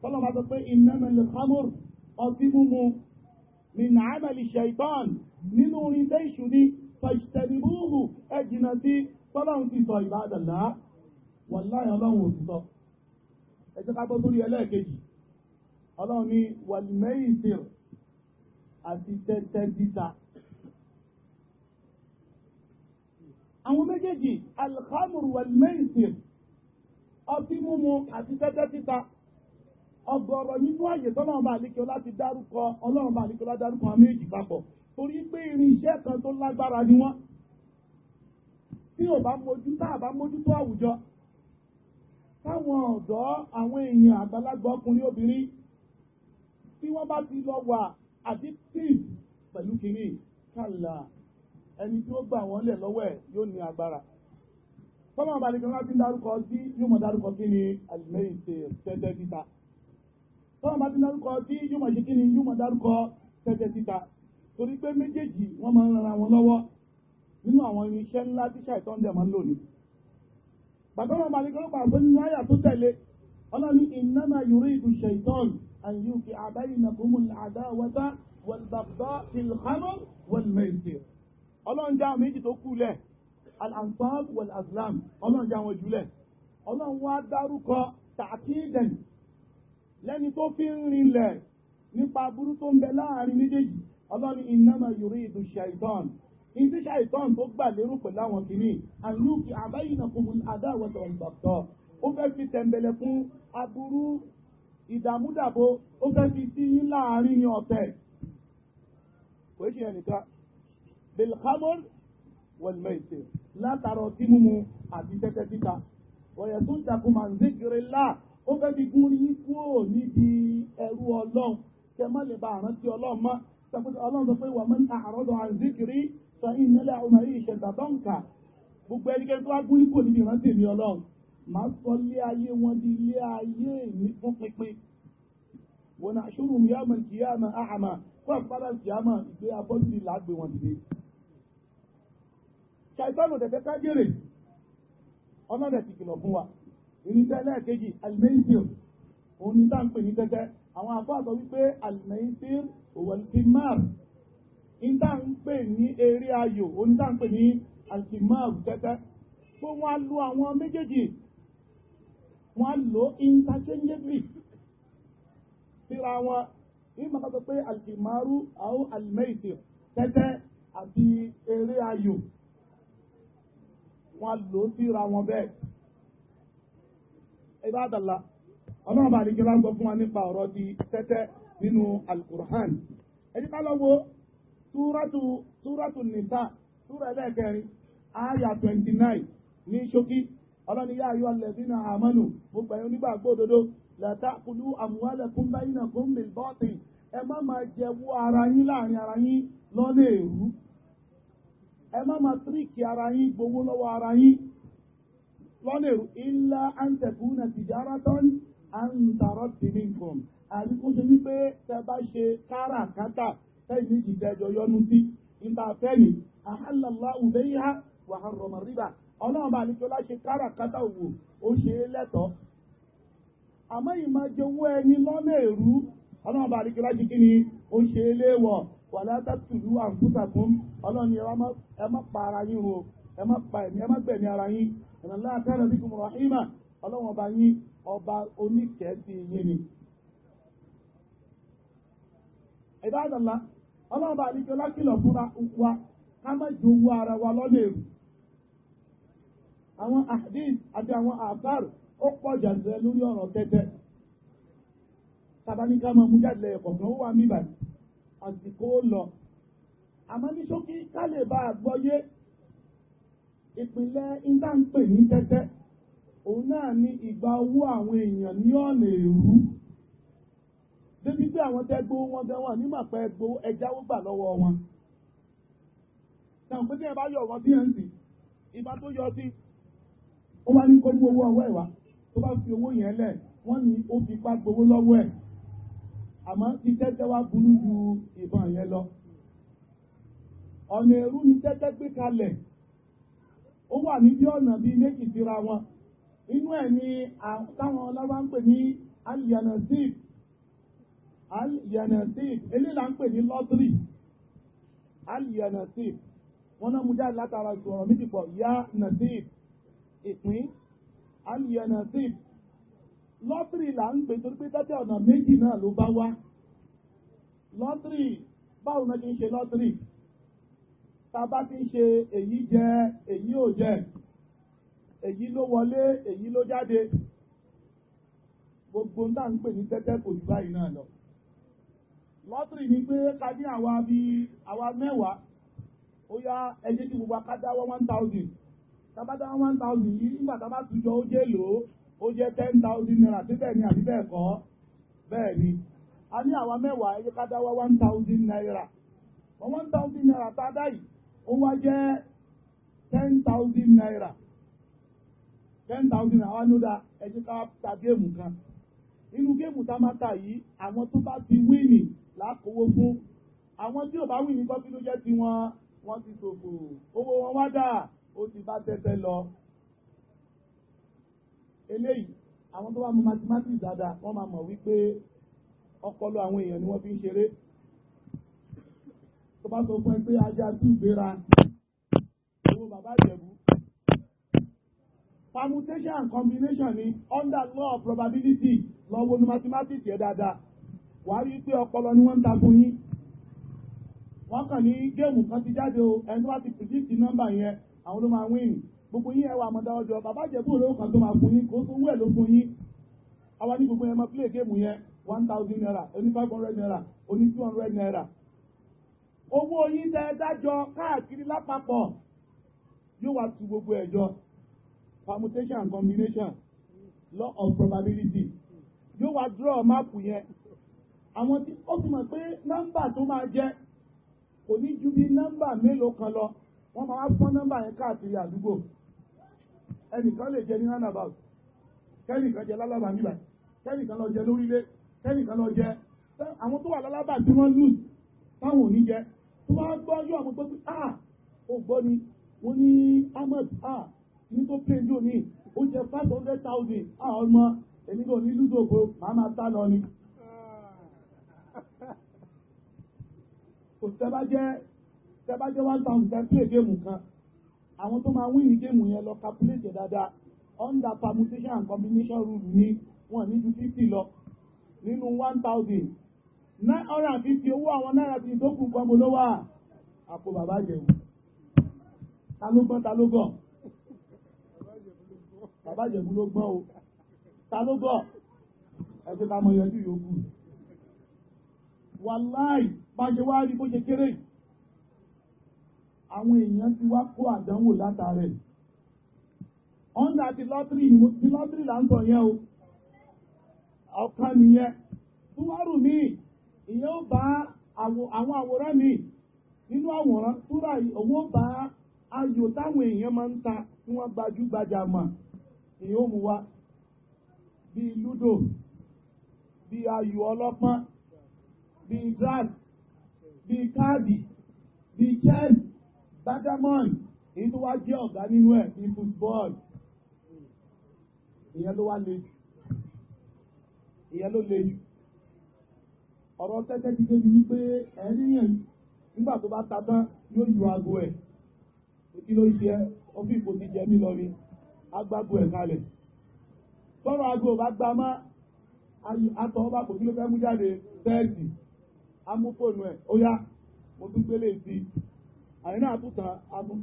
tọ́lọ́ bá sọ pé innamal khamr ọtí mímu min amali shaitan nínú orin tẹ́ ìṣù ní fàṣtẹ̀nìbúhù ẹ̀jìnà tí tọ́lọ́run ti sọ ìbádàlá wàláyé ọlọ́run òtítọ́ ẹ ká gbọ́ sórí ẹlẹ́ẹ̀kejì ọlọ́run ní wàlìmẹ́yìntìr àti tẹ́tẹ́ títa àwọn méjèèjì alhamru wal maisir ọtí mímu àti tẹ́tẹ́ títa ọ̀gọ̀rọ̀ nínú àyè tọ́lọ́run bá àlékè ọlá ti dárúkọ Ọlọ́run bá àlékè ọlá dárúkọ àwọn méjì papọ̀ torí pé irinṣẹ́ kan tó lágbára ni wọ́n tí ò bá mójú tá a bá mójú tó àwùjọ táwọn ọ̀dọ́ àwọn èèyàn àgbàlagbà ọkùnrin obìnrin tí wọ́n bá ti lọ wà àti pẹ̀lú kìíní kàlà ẹni tí ó gbà wọ́n lẹ̀ lọ́wọ́ ẹ̀ yóò ní agbára tọ́lá àbálẹ̀kẹ́ wá fi ń dárúkọ sí yóò mọ̀ dárúkọ sí ni àlùmẹ́yìn ṣe tẹ́tẹ́ títa tọ́lá bá ti dárúkọ sí yóò mọ̀ ṣe kí ni yóò mọ̀ dárúkọ tẹ́tẹ́ títa torí pé méjèèjì wọ́n máa ń ran àwọn lọ́wọ́ nínú àwọn irinṣẹ́ ńlá tí ṣàìtàn dẹ̀ máa ń lò ní. bàtọ́lá àbálẹ̀kẹ́ wá pàṣẹ nínú àyà tó tẹ̀lé ọlọ́ni ọlọ́njá méjì tó kú lẹ̀ al-ansab wal-azlam ọlọ́njá wọn jùlẹ̀ ọlọ́run wá dárúkọ tàkídẹ̀n lẹ́ni tó fi ń rinlẹ̀ nípa burú tó ń bẹ láàrin méjèèjì ọlọ́run innama yuridu shaitan ìdí shaitan tó gbà lérò pẹ̀lú àwọn kìíní àlùkì àbáyìnàkùnmùn adáwọ̀tọ̀ ọ̀gbàtọ̀ ó fẹ́ fi bilhamor wẹlmẹsẹ لا ọtí mímu àti tẹ́tẹ́ títa ذكر الله ń takò máa نبي zikiri الله كما fẹ́ fi gún yín kúrò níbi ẹrú ọlọ́run kẹ má lè ba àrántí ọlọ́run mọ́ sọpọ́tà ọlọ́run sọ pé wà mọ́ àrọ́dọ̀ à ń zikiri sọ yín nílẹ̀ ọmọ yìí ìṣẹ̀dá dọ́ǹkà gbogbo ẹnikẹ́ni tó wá gún yín kúrò níbi ìrántí mi ọlọ́run máa sọ ilé ayé wọn di ilé ayé mi fún pínpín wọn àṣùrù mi yá fún àpárá kìí ìgbé abọ́jú ni làá wọn dìde ṣàìsànù tẹ̀fẹ́ ká jèrè ọlọ́dẹ̀ ti kìlọ̀ fún wa irinṣẹ́ lẹ́ẹ̀kejì alimẹ́sìr òun ni tá ń pè ní tẹ́tẹ́ àwọn àfáà sọ wípé alimẹ́sìr òwòlùtìmáàr ní tá ń pè ní eré ayò òun ni tá ń pè ní alìtìmáàr tẹ́tẹ́ tó wọ́n á lo àwọn méjèèjì wọ́n lo interchangeably síra wọn ní màkà pé alìtìmáàrú àwọn alimẹ́sìr tẹ́tẹ́ àti eré ayò wọn lò ó síra wọn bẹ́ẹ̀. ẹgbẹ́ àdàlà ọlọ́run bá àdìjọba ń gbọ́ fún wa nípa ọ̀rọ̀ di tẹ́tẹ́ nínú alukur'an. ẹni ká lọ wo túrọ́tù túrọ́tù nìta túrọ́ ẹlẹ́ẹ̀kẹrin àyà twenty nine ní ṣókí ọlọ́ni yá ayọ́ alẹ́sìnà àmọ́nù gbogbo ẹ̀yọ́ nígbàgbọ́ òdodo lẹ́tà kùlú àmúhálẹ̀kùn báyìí náà kún ẹ má máa jẹ wú ara yín láàrin ara yín lọ́lẹ̀ èrú ẹ má máa tíríkì ara yín gbowó lọ́wọ́ ara yín lọ́nà èrò ilá àǹtẹ̀kùnà tijaratan àǹtàrọ̀ tìmí nǹkan àbí kó ṣe wípé tẹ bá ṣe káràkátà tẹ́yìn ní ìdẹ́jọ yọnu sí níta fẹ́mi àhálàlá ùbẹ́yà wàhálọ̀mọ̀ rírà ọlọ́run bá níjọ láṣẹ káràkátà òwò ó ṣe é lẹ́tọ̀ọ́ àmọ́ ìmájẹwó ẹni lọ́nà èrú ọlọ́run bá níjọ láṣẹ kí ni ó ṣe é léèwọ̀ ọlọ́ni ẹ má pa ara yín o ẹ má pa ẹ̀mí ẹ má gbẹ̀mí ara yín ìrànlá àtàrà bí kò ìmà ọlọ́wọ́n ọba yín ọba oníkẹ́sì yín ni. ìbádàlá ọlọ́ọ̀bà àlejò lákìlọ̀ fúnra wa ká má jowó ara wa lọ́nà èrò àwọn àdín àti àwọn àbárò ó pọ̀ jàǹdùrẹ́ lórí ọ̀rọ̀ tẹ́tẹ́ tabaníkà máa mú jáde lẹ́yìn kọ̀ọ̀kan ó wà mí bàjẹ́ àsìkò ó lọ àmọ́ ní ṣókí ká lè bá a gbọ́yé ìpínlẹ̀ ìdáǹpè ní tẹ́tẹ́ òun náà ní ìgbà owó àwọn èèyàn ní ọ̀nà èrú débi pé àwọn tẹ́gbó wọn gan wọn nígbà pẹ́ gbó ẹjáwó gbà lọ́wọ́ wọn náà pé ẹ bá yọ wọn bí ẹ ìbá tó yọ sí ó wá ní kó mú owó ọwọ́ ẹ̀ wá tó bá fi owó yẹn lẹ̀ wọ́n ní ó fipá gbowó lọ́wọ́ ẹ̀ àmọ́ ti tẹ́tẹ́ wá burú ju ìbọn yẹn lọ ọ̀nà ẹ̀rú ni tẹ́tẹ́ gbé kalẹ̀ ó wà níbi ọ̀nà bíi méjì síra wọn inú ẹ̀ ni táwọn ọlọ́wà ń pè ní alyanasib alyanasib eléyìí là ń pè ní lọ́tírì alyanasib wọn náà mú jáde látara sọ̀rọ̀ méjì pọ̀ yá nasib ìpín alyanasib lọ́tìrì là ń gbé torí pé tẹ́tẹ́ ọ̀nà méjì náà ló bá wá lọ́tìrì báwo náà ti ń ṣe lọ́tìrì tá a bá ti ń ṣe èyí jẹ èyí ò jẹ èyí ló wọlé èyí ló jáde gbogbo ń tà ń pè ní tẹ́tẹ́ kò jù báyìí náà lọ lọ́tìrì ni pé ká ní àwa bíi àwa mẹ́wàá ó yá ẹjẹ́ tí gbogbo akádáwọ́ one thousand tábádáwọ́ one thousand yìí nígbà tá a bá tujọ ó jẹ́ lòó ó jẹ́ ten thousand naira síbẹ̀ ni àbí bẹ́ẹ̀ kọ́ bẹ́ẹ̀ ni a ní àwa mẹ́wàá ẹ ká dá wá one thousand naira wọ́n one thousand naira tá a dá yìí ó wá jẹ́ ten thousand naira ten thousand naira wá ní ó dá ẹ jẹ́ ká ta géèmù kan inú géèmù tá a máa ta yìí àwọn tó bá ti wíìnì lákòówó fún àwọn tí ò bá wíìnì kọ́ kí ló jẹ́ tiwọn wọ́n ti ṣòfò owó wọn wá dà ó ti bá tẹ́tẹ́ lọ eléyìí àwọn tó bá mọ mathematics dáadáa wọ́n máa mọ̀ wípé ọpọlọ àwọn èèyàn ni wọ́n fi ń ṣeré tó bá sọ fún ẹ pé ajá tún gbéra owó bàbá ìjẹ̀bú permutation and combination ni under law of probability lọ́wọ́ ní mathematics yẹ dáadáa wàá rí i pé ọpọlọ ni wọ́n ń takun yín wọ́n kàn ní géèmù kan ti jáde o ẹni tó bá ti predict nọ́mbà yẹn àwọn ló máa win gbogbo yín ẹwà àmọ́dá ọjọ́ bàbá ìjẹ̀bú olówó kan tó máa fún yín kó sówó ẹ̀ ló fún yín àwa ní gbogbo yẹn máa play game yẹn one thousand naira oní five hundred naira oní two hundred naira owó yín tẹ dájọ káàkiri lápapọ̀ yóò wá tu gbogbo ẹ̀ jọ permutation and combination law of probability yóò wá draw máàpù yẹn àwọn tí ó ti mọ̀ pé nọ́mbà tó máa jẹ́ kò ní ju bí nọ́mbà mélòó kan lọ wọ́n máa wá fọ́n nọ́mbà yẹn káàkiri àdúgbò ẹnìkan lè jẹ ní handabout kẹ́nìkan jẹ lálábà níbà kẹ́nìkan lọ jẹ lórílẹ̀ kẹ́nìkan lọ jẹ àwọn tó wà lálábà tí wọ́n lù táwọn ò ní jẹ tó bá gbọ́ yóò àwọn gbọ́ pé ah ó gbọ́ ni wọ́n ní ahmed ah ní tó pè jù ní ó jẹ five hundred thousand ah ọmọ èmi kò ní lùsọ̀ ògbó màá máa tá lọ ni. kò tẹ́ bá jẹ́ tẹ́ bá jẹ́ one thousand tẹ́ pè géèmù kan àwọn tó máa wíìnì géèmù yẹn lọ calculate dáadáa under permutation and combination rule ni wọ́n ní ju fifty lọ nínú one thousand nine hundred and fifty owó àwọn náírà bíi tó kù gbọmọ ló wà àpò bàbá jẹ̀wò ta ló gbọ́n ta ló gọ̀ bàbá jẹ̀wò ló gbọ́n o ta ló gọ̀ ẹgbẹ́ ta mọ̀ yẹn ju yòókù wàláì bá ṣe wá rí bó ṣe kéré yìí. àwọn èèyàn ti wá kó àdánwò látàrẹ̀ under the lottery the là ń sọ yẹn o ọ̀kan nìyẹn túwárù míì ìyẹn ó bá àwọn àwòrán mi nínú àwòrán túrà òun ó bá ayò táwọn èèyàn máa ń ta tí wọ́n gbajúgbajà mà èèyàn ó ludo bíi ayò bíi drag bíi káàdì bíi chess Badamon èyí tó wá jẹ́ ọ̀gá nínú ẹ̀ ní football ìyẹn ló wá le jù ìyẹn ló le jù ọ̀rọ̀ tẹ́tẹ́ ti débi wípé ẹ̀rí yẹn nígbà tó bá ta tán yóò yọ aago ẹ̀ kí ló ṣe ọ́fíìpò ti jẹ mí lọ ni agbágo ẹ̀ kalẹ̀ tọ́rọ̀ aago bá gbá má atọ̀ ọba kò sí ló fẹ́ mú jáde tẹ́ẹ̀sì amúfóònù ẹ̀ ó yá mo tún gbélé sí i àyínà àtúntà agún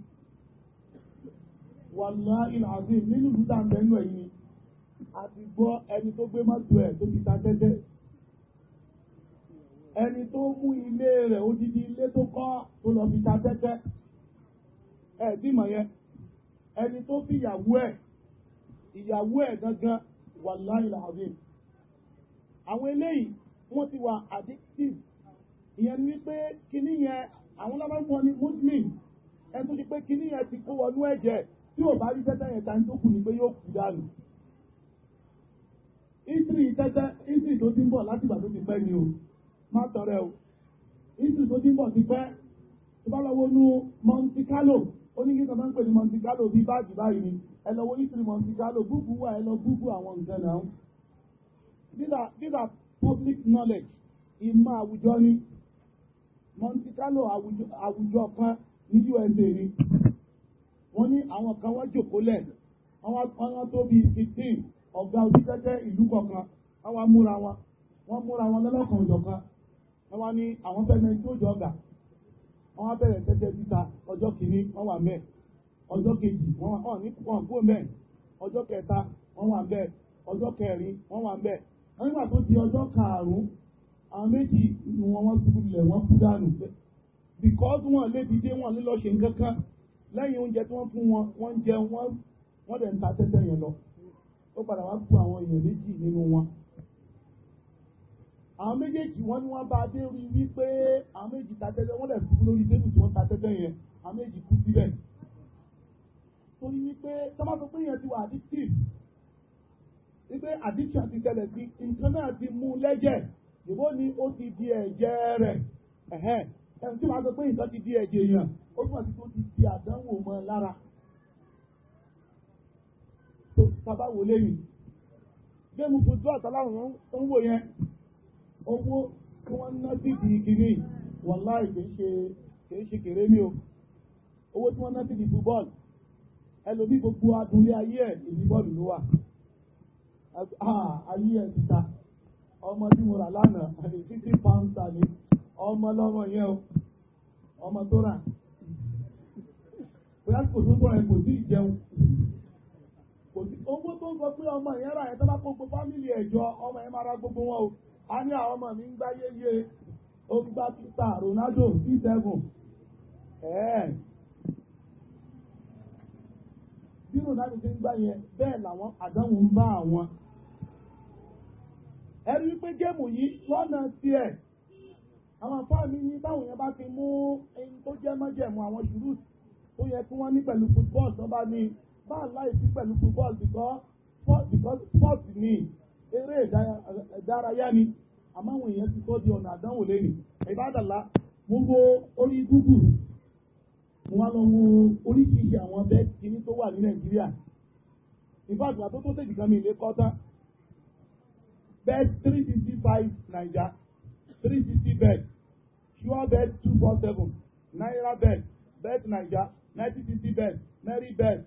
wàlá ilẹ̀ àzín nínú ìlú tàǹtẹ̀ nínú ẹ̀yìn àti gbọ́ ẹni tó gbé mọ́tò ẹ̀ tó fi ta tẹ́tẹ́ ẹni tó mú ilé rẹ̀ odidi ilé tó kọ́ tó lọ fi ta tẹ́tẹ́ ẹ̀ tí mọ̀ ẹni tó fi ìyàwó ẹ̀ ìyàwó ẹ̀ gangan wàlá ilẹ̀ àzín àwọn eléyìí wọ́n ti wà addictive ìyẹn ni wípé kíní àwọn lọ́mọ ń kọ́ ní muslim ẹtù ti pé kíní yẹn ti kó wọnú ẹ̀jẹ̀ tí ò bá rí tẹ́tẹ́ yẹn ta ní tó kù ní pé yóò kú dànù. ìtìrì tẹ́tẹ́ ìtìrì tó ti ń bọ̀ láti ìgbà tó ti pẹ́ ni o má tọrẹ o ìtìrì tó ti ń bọ̀ ti pẹ́ tó bá lọ́wọ́ nu Monte Carlo ó ní kí ń pè ní Monte Carlo bíi báàgì báyìí ni ẹ lọ ìtìrì Monte Carlo gúgú wà ẹ lọ gúgú àwọn nǹkan náà. these are these are public knowledge ìmọ̀ àwùjọ ni. Monte Carlo àwùjọ kan ní USA ni wọn ní àwọn kan wọ́n jòkó lẹ̀ wọ́n wá tó bí fifteen ọ̀gá oníjẹ́jẹ́ ìlú kọ̀ọ̀kan múra wọn wọ́n múra wọn lọ́lọ́kan òjọ̀kan wọ́n wá ní àwọn jọ ọ̀gá wá títa kìíní wà kejì wà kẹrin àwọn méjì nínú wọn wọ́n ṣubú lẹ̀ wọ́n kú dànù because wọn lè dìde wọn lè lọ ṣe nǹkan kan lẹ́yìn oúnjẹ tí wọ́n fún wọn wọ́n jẹ wọ́n wọ́n dẹ̀ ń ta tẹ́tẹ́ yẹn lọ ó padà wá kú àwọn èèyàn méjì nínú wọn. àwọn méjèèjì wọ́n ní wọ́n bá dé rí wípé àwọn méjì ta tẹ́tẹ́ wọ́n dẹ̀ ṣubú lórí tébù tí wọ́n ta tẹ́tẹ́ yẹn àwọn méjì kú síbẹ̀. torí wípé tọ́mọ́ sọ pé èèyàn ti wà addictive wípé addiction ti tẹ̀lẹ̀ sí nǹkan náà ti mú lẹ́jẹ̀ẹ́ yòbó ni ó ti di ẹ̀jẹ̀ rẹ̀ ẹ̀hẹ́n ẹni tí wàá sọ pé nǹkan ti di ẹ̀jẹ̀ èèyàn ó túmọ̀ sí pé ó ti di àdánwò mọ́ lára tó sábà wò lẹ́yìn géèmù fojú àtàláwọn tó ń wò yẹn owó kí wọ́n ná síbi kìíní wàláì kìí ṣe kìí ṣe kéré mi o owó tí wọ́n ná síbi bọ́ọ̀lù ẹlòmí gbogbo adúlé ayé ẹ̀ ìdí bọ́ọ̀lù ló wà ah, ayé ẹ̀ ti ta. ọmọ tí mo rà lánàá àti fifty pound tàbí ọmọ lọ́mọ yẹn o ọmọ tó rà bóyá kò tó kò sí ìjẹun ń ọmọ yẹn rà gbogbo fámìlì ọmọ yẹn máa ra gbogbo wọn o a ní Ronaldo seven bí Ronaldo ti ń gbá yẹn bẹ́ẹ̀ làwọn ẹ̀rí wípé géèmù yìí lọ́nà tiẹ̀ àwọn afáàmì ní báwọn yẹn bá ti mú ẹni tó jẹ́ mọ́jẹ̀mú àwọn ṣùrù tó yẹ kí wọ́n ní pẹ̀lú football tó bá ní bá láì pẹ̀lú football because sport ni eré ìdárayá ni àmọ́ àwọn èèyàn ti tọ́ di ọ̀nà àdánwò lẹ́nu ìbádàlá mo wo orí Google mo wá lọ wo oríṣiríṣi àwọn bẹ́ẹ̀ kìíní tó wà ní Nàìjíríà ìfàgbà tó tó tẹ̀síkàmì ilé kọ́tà bet three fifty five naija three fifty bed, sure bed two four seven naira bed, bed naija ninety fifty bet merry bed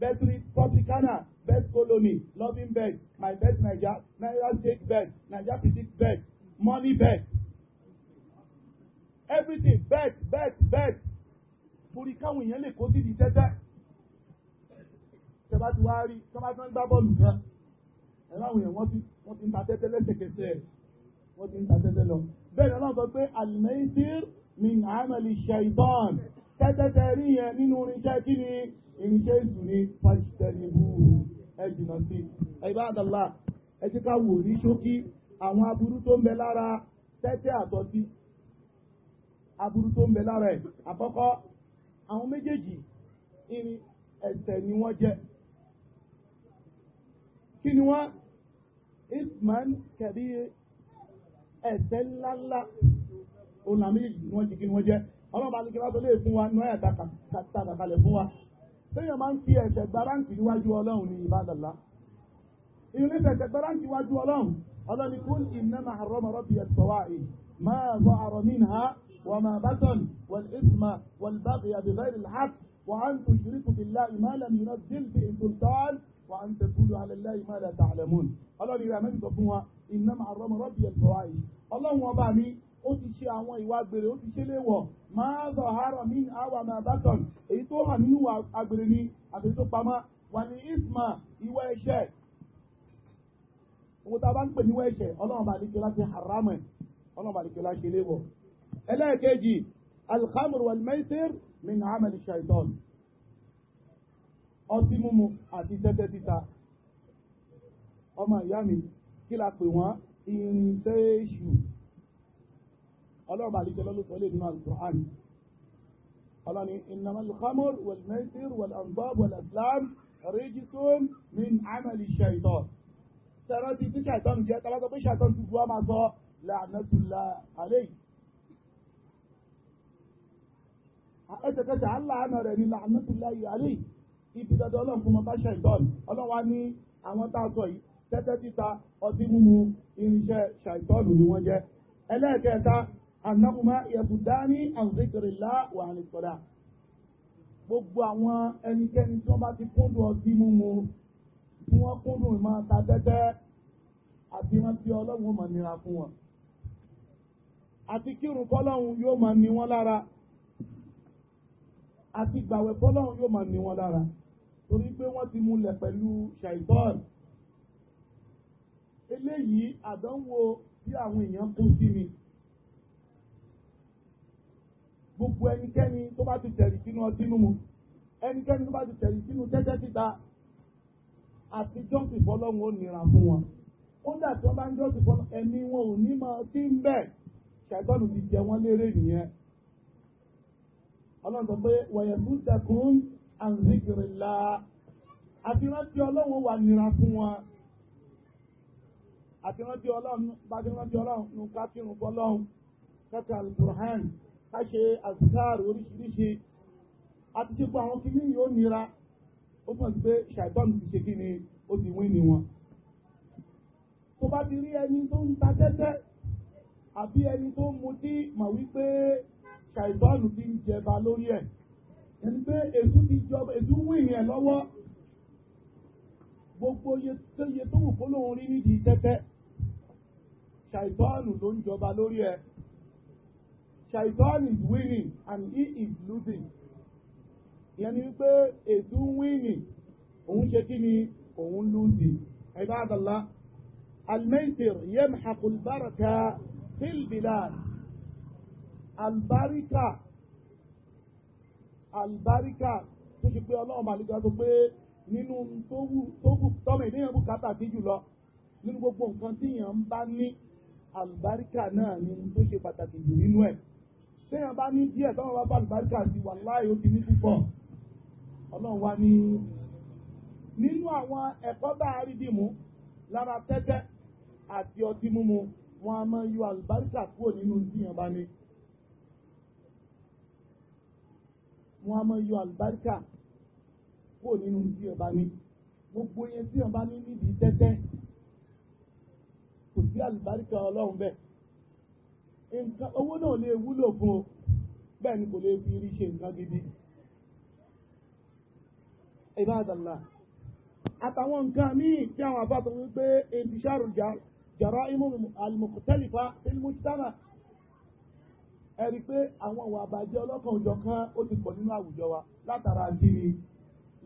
betri tropicana bed colony loving bed, my bed naija naira shake bed, naija predict bed, money bed, everything bed bed bed. torí káwọn èèyàn lè kó sídìí tẹ́tẹ́ tẹ́bá ti wá rí tẹ́bá ti wá ń gbá bọ́ọ̀lù gan ẹ̀rọ àwọn èèyàn wọ́n ti wọ́n ti ń ta tẹ́tẹ́ lẹ́sẹ̀kẹsẹ̀ wọ́n ti ń ta tẹ́tẹ́ lọ. bẹ́ẹ̀ ni ọlọ́run sọ pé alimẹ́sìr ni àmàlì ṣàìbọ́n tẹ́tẹ́tẹ́ rí yẹn nínú irinṣẹ́ kí ni irinṣẹ́ èṣù ni pàṣẹtẹ́nibú ẹ jìnnà sí i. ìbádàlá ẹ ti ká wò ní ṣókí àwọn aburú tó ń bẹ lára tẹ́tẹ́ àtọ́tí aburú tó ń bẹ lára ẹ̀ àkọ́kọ́ àwọn méjèèjì irin ẹ̀ṣẹ̀ ni wọ́n jẹ́ kí ni wọ́n isman kẹ̀bí ẹ̀sẹ̀ ńláńlá òun làmì ni wọ́n ti kí wọ́n jẹ́ ọlọ́ba ní kí wọ́n tó lè fún wa nú ẹ̀ tàkàlẹ̀ fún wa téèyàn máa ń fi ẹ̀sẹ̀ gbáráǹtì níwájú ọlọ́run ní ìbádàlá ìrìn ẹ̀sẹ̀ gbáráǹtì níwájú ọlọ́run ọlọ́ni kún innama harrama rabbi as-sawa'i ma wa ma batan wal isma wal baghy bi ghayri al-haqq wa an tushriku billahi ma lam yunzil wà á ń tẹ kúlù alẹ́ lẹ́yìn má dàtà àlẹ́mùn ọlọ́run ìrẹ́ àmẹ́sì sọ fún wa iná máa rọ́mọ rọ́bì ẹ̀ sọ̀rọ̀ àyè ọlọ́run ọba mi ó ti ṣe àwọn ìwà àgbèrè ó ti ṣe léwọ̀ máa zọ̀ àárọ̀ mí àwà máa bá tàn èyí tó hàn nínú àgbèrè ni àti tó pamọ́ wà ní isma ìwà ẹ̀ṣẹ̀ owó tá a bá ń pè níwọ̀ ẹ̀ṣẹ̀ ọlọ́run bá dìkẹ́ láti haramẹ̀ ọlọ́run bá dìkẹ́ láti ṣe léwọ̀ ẹlẹ́ẹ̀kejì alhamdu wal maisir min amali shaitan ọtí mímu àti tẹ́tẹ́ títa ọmọ ìyá mi kí la pè wọ́n irinṣẹ́ èṣù ọlọ́ọ̀bà àdìjẹ́ lọ́lọ́ sọ lè nínú Al-Qur'an ọlọ́ni innamal khamr wal maisir wal anzab wal azlam rijsun min amali shaitan tẹ́rọ ti tí ṣàìtọ́nù jẹ́ tọ́lá sọ pé ṣàìtọ́nù ti buwá máa sọ lànàtùlà àléyìí ẹsẹ̀kẹsẹ̀ aláàánà rẹ̀ ni lànàtùlà àléyìí ibi dandan ọlọ́run fún ọmọ bá ṣe ìtọ́ni ọlọ́run wá ní àwọn tá a sọ yìí tẹ́tẹ́ títa ọtí mímu irinṣẹ́ ṣàìtọ́nù ni wọ́n jẹ́ ẹlẹ́ẹ̀kẹta anahuma yasudani anzikirila wà ní sọ́dà gbogbo àwọn ẹnikẹ́ni tí wọ́n bá ti kúndùn ọtí mímu tí wọ́n kúndùn ìmọ̀ ta tẹ́tẹ́ àti rántí ọlọ́run mọ̀ nira fún wọn àti kírun fọlọ́run yóò mọ̀ ní wọn lára àti gbàwẹ̀ fọlọ́run yóò mọ̀ ní wọn lára torí pé wọ́n ti múlẹ̀ pẹ̀lú ṣàìbọ́ọ̀n eléyìí àdánwò tí àwọn èèyàn kú sí mi gbogbo ẹnikẹ́ni tó bá ti tẹ̀rì sínú ọtí mímu ẹnikẹ́ni tó bá ti tẹ̀rì sínú tẹ́tẹ́ títa àti jọ́sìn fọlọ́run ó nira fún wọn ó dà tí wọ́n bá ń jọ́sìn fọlọ́run ẹ̀mí wọn ò ní mọ tí ń bẹ̀ ṣàìbọ́ọ̀nù ti jẹ wọ́n lérè nìyẹn ọlọ́run sọ pé wọ̀yẹ̀ tẹkùn àzìkìrìlá àti rántí ọlọ́run wà nira fún wọn àti rántí ọlọ́run bàtí rántí ọlọ́run ká kírun bọ́lọ́run kẹta alukurhan ká ṣe azikar oríṣiríṣi àti ṣe gbọ́ àwọn kìíní yóò nira ó túmọ̀ sí pé ṣàìbọ́n ti ṣe kí ni ó ti wí ni wọn. tó bá ti rí ẹni tó ń ta tẹ́tẹ́ àbí ẹni tó ń mutí mà wípé ṣàìbọ́n ti ń jẹba lórí ẹ̀ ẹni pé èṣù ti jọba èṣù ń wìn yẹn lọ́wọ́ gbogbo iye tó wù fọlọ́hún rí nídìí tẹ́tẹ́ ṣàìtọ́ọ̀nù ló ń jọba lórí ẹ ṣàìtọ́ọ̀nù is winning and he is losing ìyẹn ni wípé èṣù ń winning òun ṣe kí ni òun losing ibadala almeitir yemhaqul baraka fil bilad albarika àlùbáríkà tó ṣe pé ọlọ́run màlúkà tó pé nínú tó wù tọ́mọ ènìyàn kù kátà sí jùlọ nínú gbogbo nǹkan tí èèyàn ń bá ní àlùbáríkà náà ni tó ṣe pàtàkì jù nínú ẹ̀ téèyàn bá ní díẹ̀ tọ́wọ́ bá bá àlùbáríkà sí wàláhì ó ti ní púpọ̀ ọlọ́run wá ní nínú àwọn ẹ̀kọ́ bá a rí dìmú lára tẹ́tẹ́ àti ọtí mímu wọn a máa yọ àlùbáríkà kúrò nínú tí èèyàn bá ní. wọ́n á máa yọ àlùbáríkà kúrò nínú tí ọba ní gbogbo yẹn tí ọba ní nídìí tẹ́tẹ́ kò sí àlùbáríkà ọlọ́run bẹ́ẹ̀ nǹkan owó náà lè wúlò fún o bẹ́ẹ̀ ni kò lè fi rí ṣe nǹkan gidi ìbádàlá àtàwọn nǹkan míì tí àwọn àbá tó wípé ìbísàrù jàrá imú al-mukhtalifa fil-mujtama' ẹ rí i pé àwọn ìwà àbàjẹ́ ọlọ́kan òjọ̀kan ó ti pọ̀ nínú àwùjọ wa látara gírí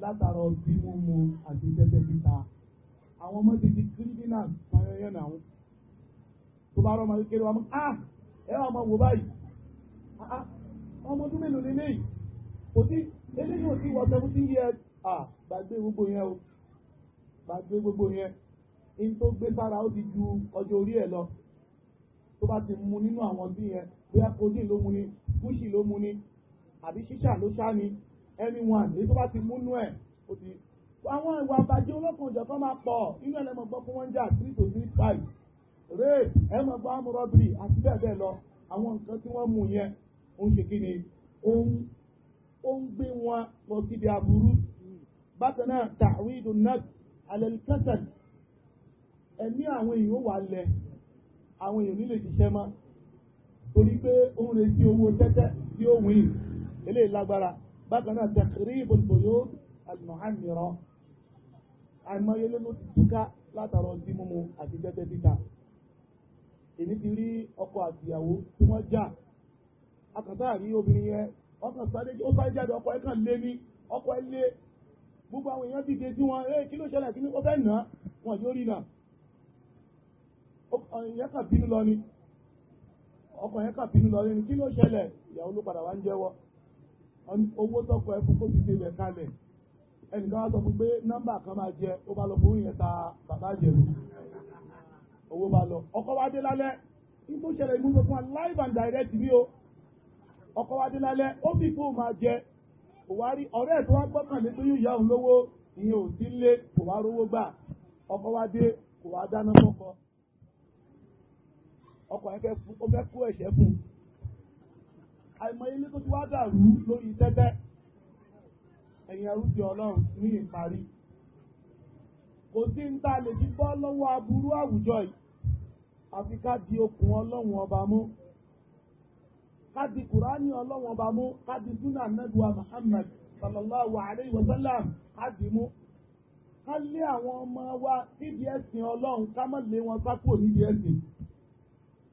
látara ọtí mímu àti tẹ́tẹ́ títa àwọn ọmọ ti di criminal fayọyẹn náà tó bá rọ ọmọ kékeré wa mú a ah, ẹ wà ọmọ wò báyìí ah, ah, ọmọ ọdún mélòó lélẹ́yìí kò sí eléyìí ò sí wọ seventeen years ah gbàgbé gbogbo yẹn o gbàgbé gbogbo yẹn in tó gbé sára ó ti ju ọjọ́ orí ẹ̀ lọ tó bá ti mu nínú àwọn ọdún yẹn bóyá codeine ló mu ni bushi ló mu ni àbí ṣíṣà ló ṣá ni anyone èyí tó bá ti múnú ẹ̀ ó ti. àwọn ìwà àbàjẹ́ olókùn ìjọ̀kan máa pọ̀ inú ẹ̀ lẹ́mọ̀ gbọ́ fún wọ́n jà three to three five rape ẹ̀mọ̀ gbọ́ amúrọ́bìrì àti bẹ́ẹ̀ bẹ́ẹ̀ lọ àwọn nǹkan tí wọ́n mú yẹn ó ń ṣe kí ni ó ń gbé wọn lọ síbi aburú bákan náà tàwídù náà alẹ́lẹ́kẹ́sẹ̀ ẹ̀mí àwọn èèyàn wà lẹ̀ àwọn èèyàn nílé ṣiṣẹ́ máa torí pé ó ń retí owó tẹ́tẹ́ tí ó wìn eléyìí lágbára bákan náà tẹ̀kírí ìbòlùbòyó àlùmọ́hánìrọ́ àìmọyelé ló ti túká látara ọtí mímu àti tẹ́tẹ́ títa èmi ti rí ọkọ àtìyàwó tí wọ́n jà akàtà rí obìnrin yẹn ọkàn sáré ó sáré jáde ọkọ ẹ kàn lé ní ọkọ ẹ lé gbogbo àwọn èèyàn dìde sí wọn ẹ kí ló ṣẹlẹ̀ kí ni ó fẹ́ nà wọn yóò rí nà ìyẹn kàn bínú lọ ni ọkọ yẹn kà bínú lọrí ni kí ló ṣẹlẹ̀ ìyàwó ló padà wá ń jẹ́wọ́ owó tọkọ ẹ fún kófí débẹ̀ kalẹ̀ ẹnìkan wá sọ fún pé nọ́mbà kan máa jẹ ó bá lọ fún yẹn ta bàbá jẹ̀lú owó bá lọ ọkọ wá dé ìmú sọ fún wa live o ọkọ dé ó fi máa jẹ òwárí tó wá pé yóò yá òun lówó ìyẹn ò sí ọkọ̀ ẹ̀fẹ́ ó fẹ́ kó ẹ̀ṣẹ̀ fún un àìmọ̀ ilé tó ti wá dàrú lórí tẹ́tẹ́ ẹ̀yìn arúgbó ọlọ́run ní ìparí kò sí ń ta lè fi bọ́ lọ́wọ́ aburú àwùjọ yìí àfi ká di okùn ọlọ́run ọba mú ká di kùránì ọlọ́run ọba mú ká di súnà nẹ́dùá Muhammad sallallahu alayhi wa sallam ká di mú ká lé àwọn ọmọ wa nídìí ẹ̀sìn ọlọ́run ká má lé wọn sákò nídìí ẹ̀sìn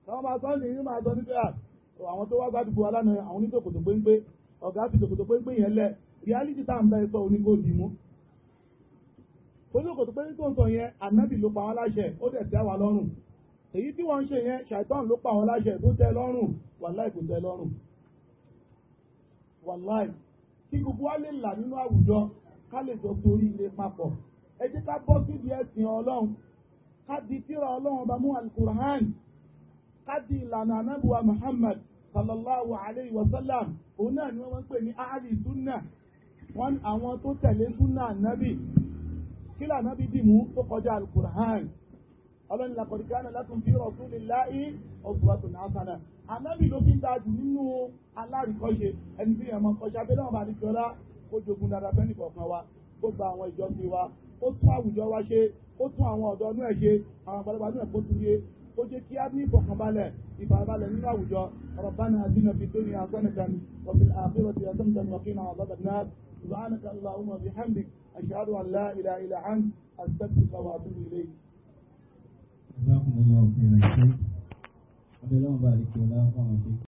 táwọn máa sọ́ọ́ nìyí máa sọ nípa àwọn tó wá gbádùgbò alánà àwọn oníṣòkòtò péńpé ọ̀gá fi ṣòkòtò péńpé yẹn lẹ̀ reality tá à ń bẹ sọ oníkó dì mú. oníṣòkòtò péńpé tó ń sọ yẹn ànábì ló pa wọn láṣẹ ó dẹ̀ tẹ́ wa lọ́rùn èyí tí wọ́n ń ṣe yẹn ṣàìtàn ló pa wọn láṣẹ tó tẹ́ lọ́rùn wàláì kò tẹ́ lọ́rùn wàláì kí gbogbo wa lè là nínú àwùjọ ká lè jọ torí ilé papọ̀ ẹ jẹ́ ká bọ́ síbi ẹ̀sìn ọlọ́run ká di tírà ọlọ́run ọba mú alukur'an kábí ìlànà anábùwà Muhammad sallallahu alayhi wa sallam òun náà ni wọ́n máa ń pè ní ahli sunna wọ́n àwọn tó tẹ̀lé sunna nábì kí lànábì dì mú tó kọjá alukur'an ọlọ́ni laqad kana lakum fi rasulillahi uswatun hasana anábì ló fi ń da jù nínú alárìkọ́ṣe ẹni tí ẹ̀mọ́ kọjá abẹ́lẹ́ wọn bá ní jọlá kó jogun dáadáa fẹ́ nìkọ̀ọ̀kan wa kó gba àwọn ìjọsìn wa ó tún àwùjọ wa ṣe ó tún àwọn ọ̀dọ́ inú ẹ̀ ṣe àwọn àgbàlagbà inú ẹ̀ kó tún yé ó jẹ́ kí á ní ìfọ̀kànbalẹ̀ ìfarabalẹ̀ nínú àwùjọ rabbana atina fid dunya hasanatan wa fil akhirati hasanatan wa qina adhaban nar subhanaka allahumma wa bihamdik ashhadu an la ilaha illa anta astaghfiruka wa atubu ilayk jazakumullahu khairan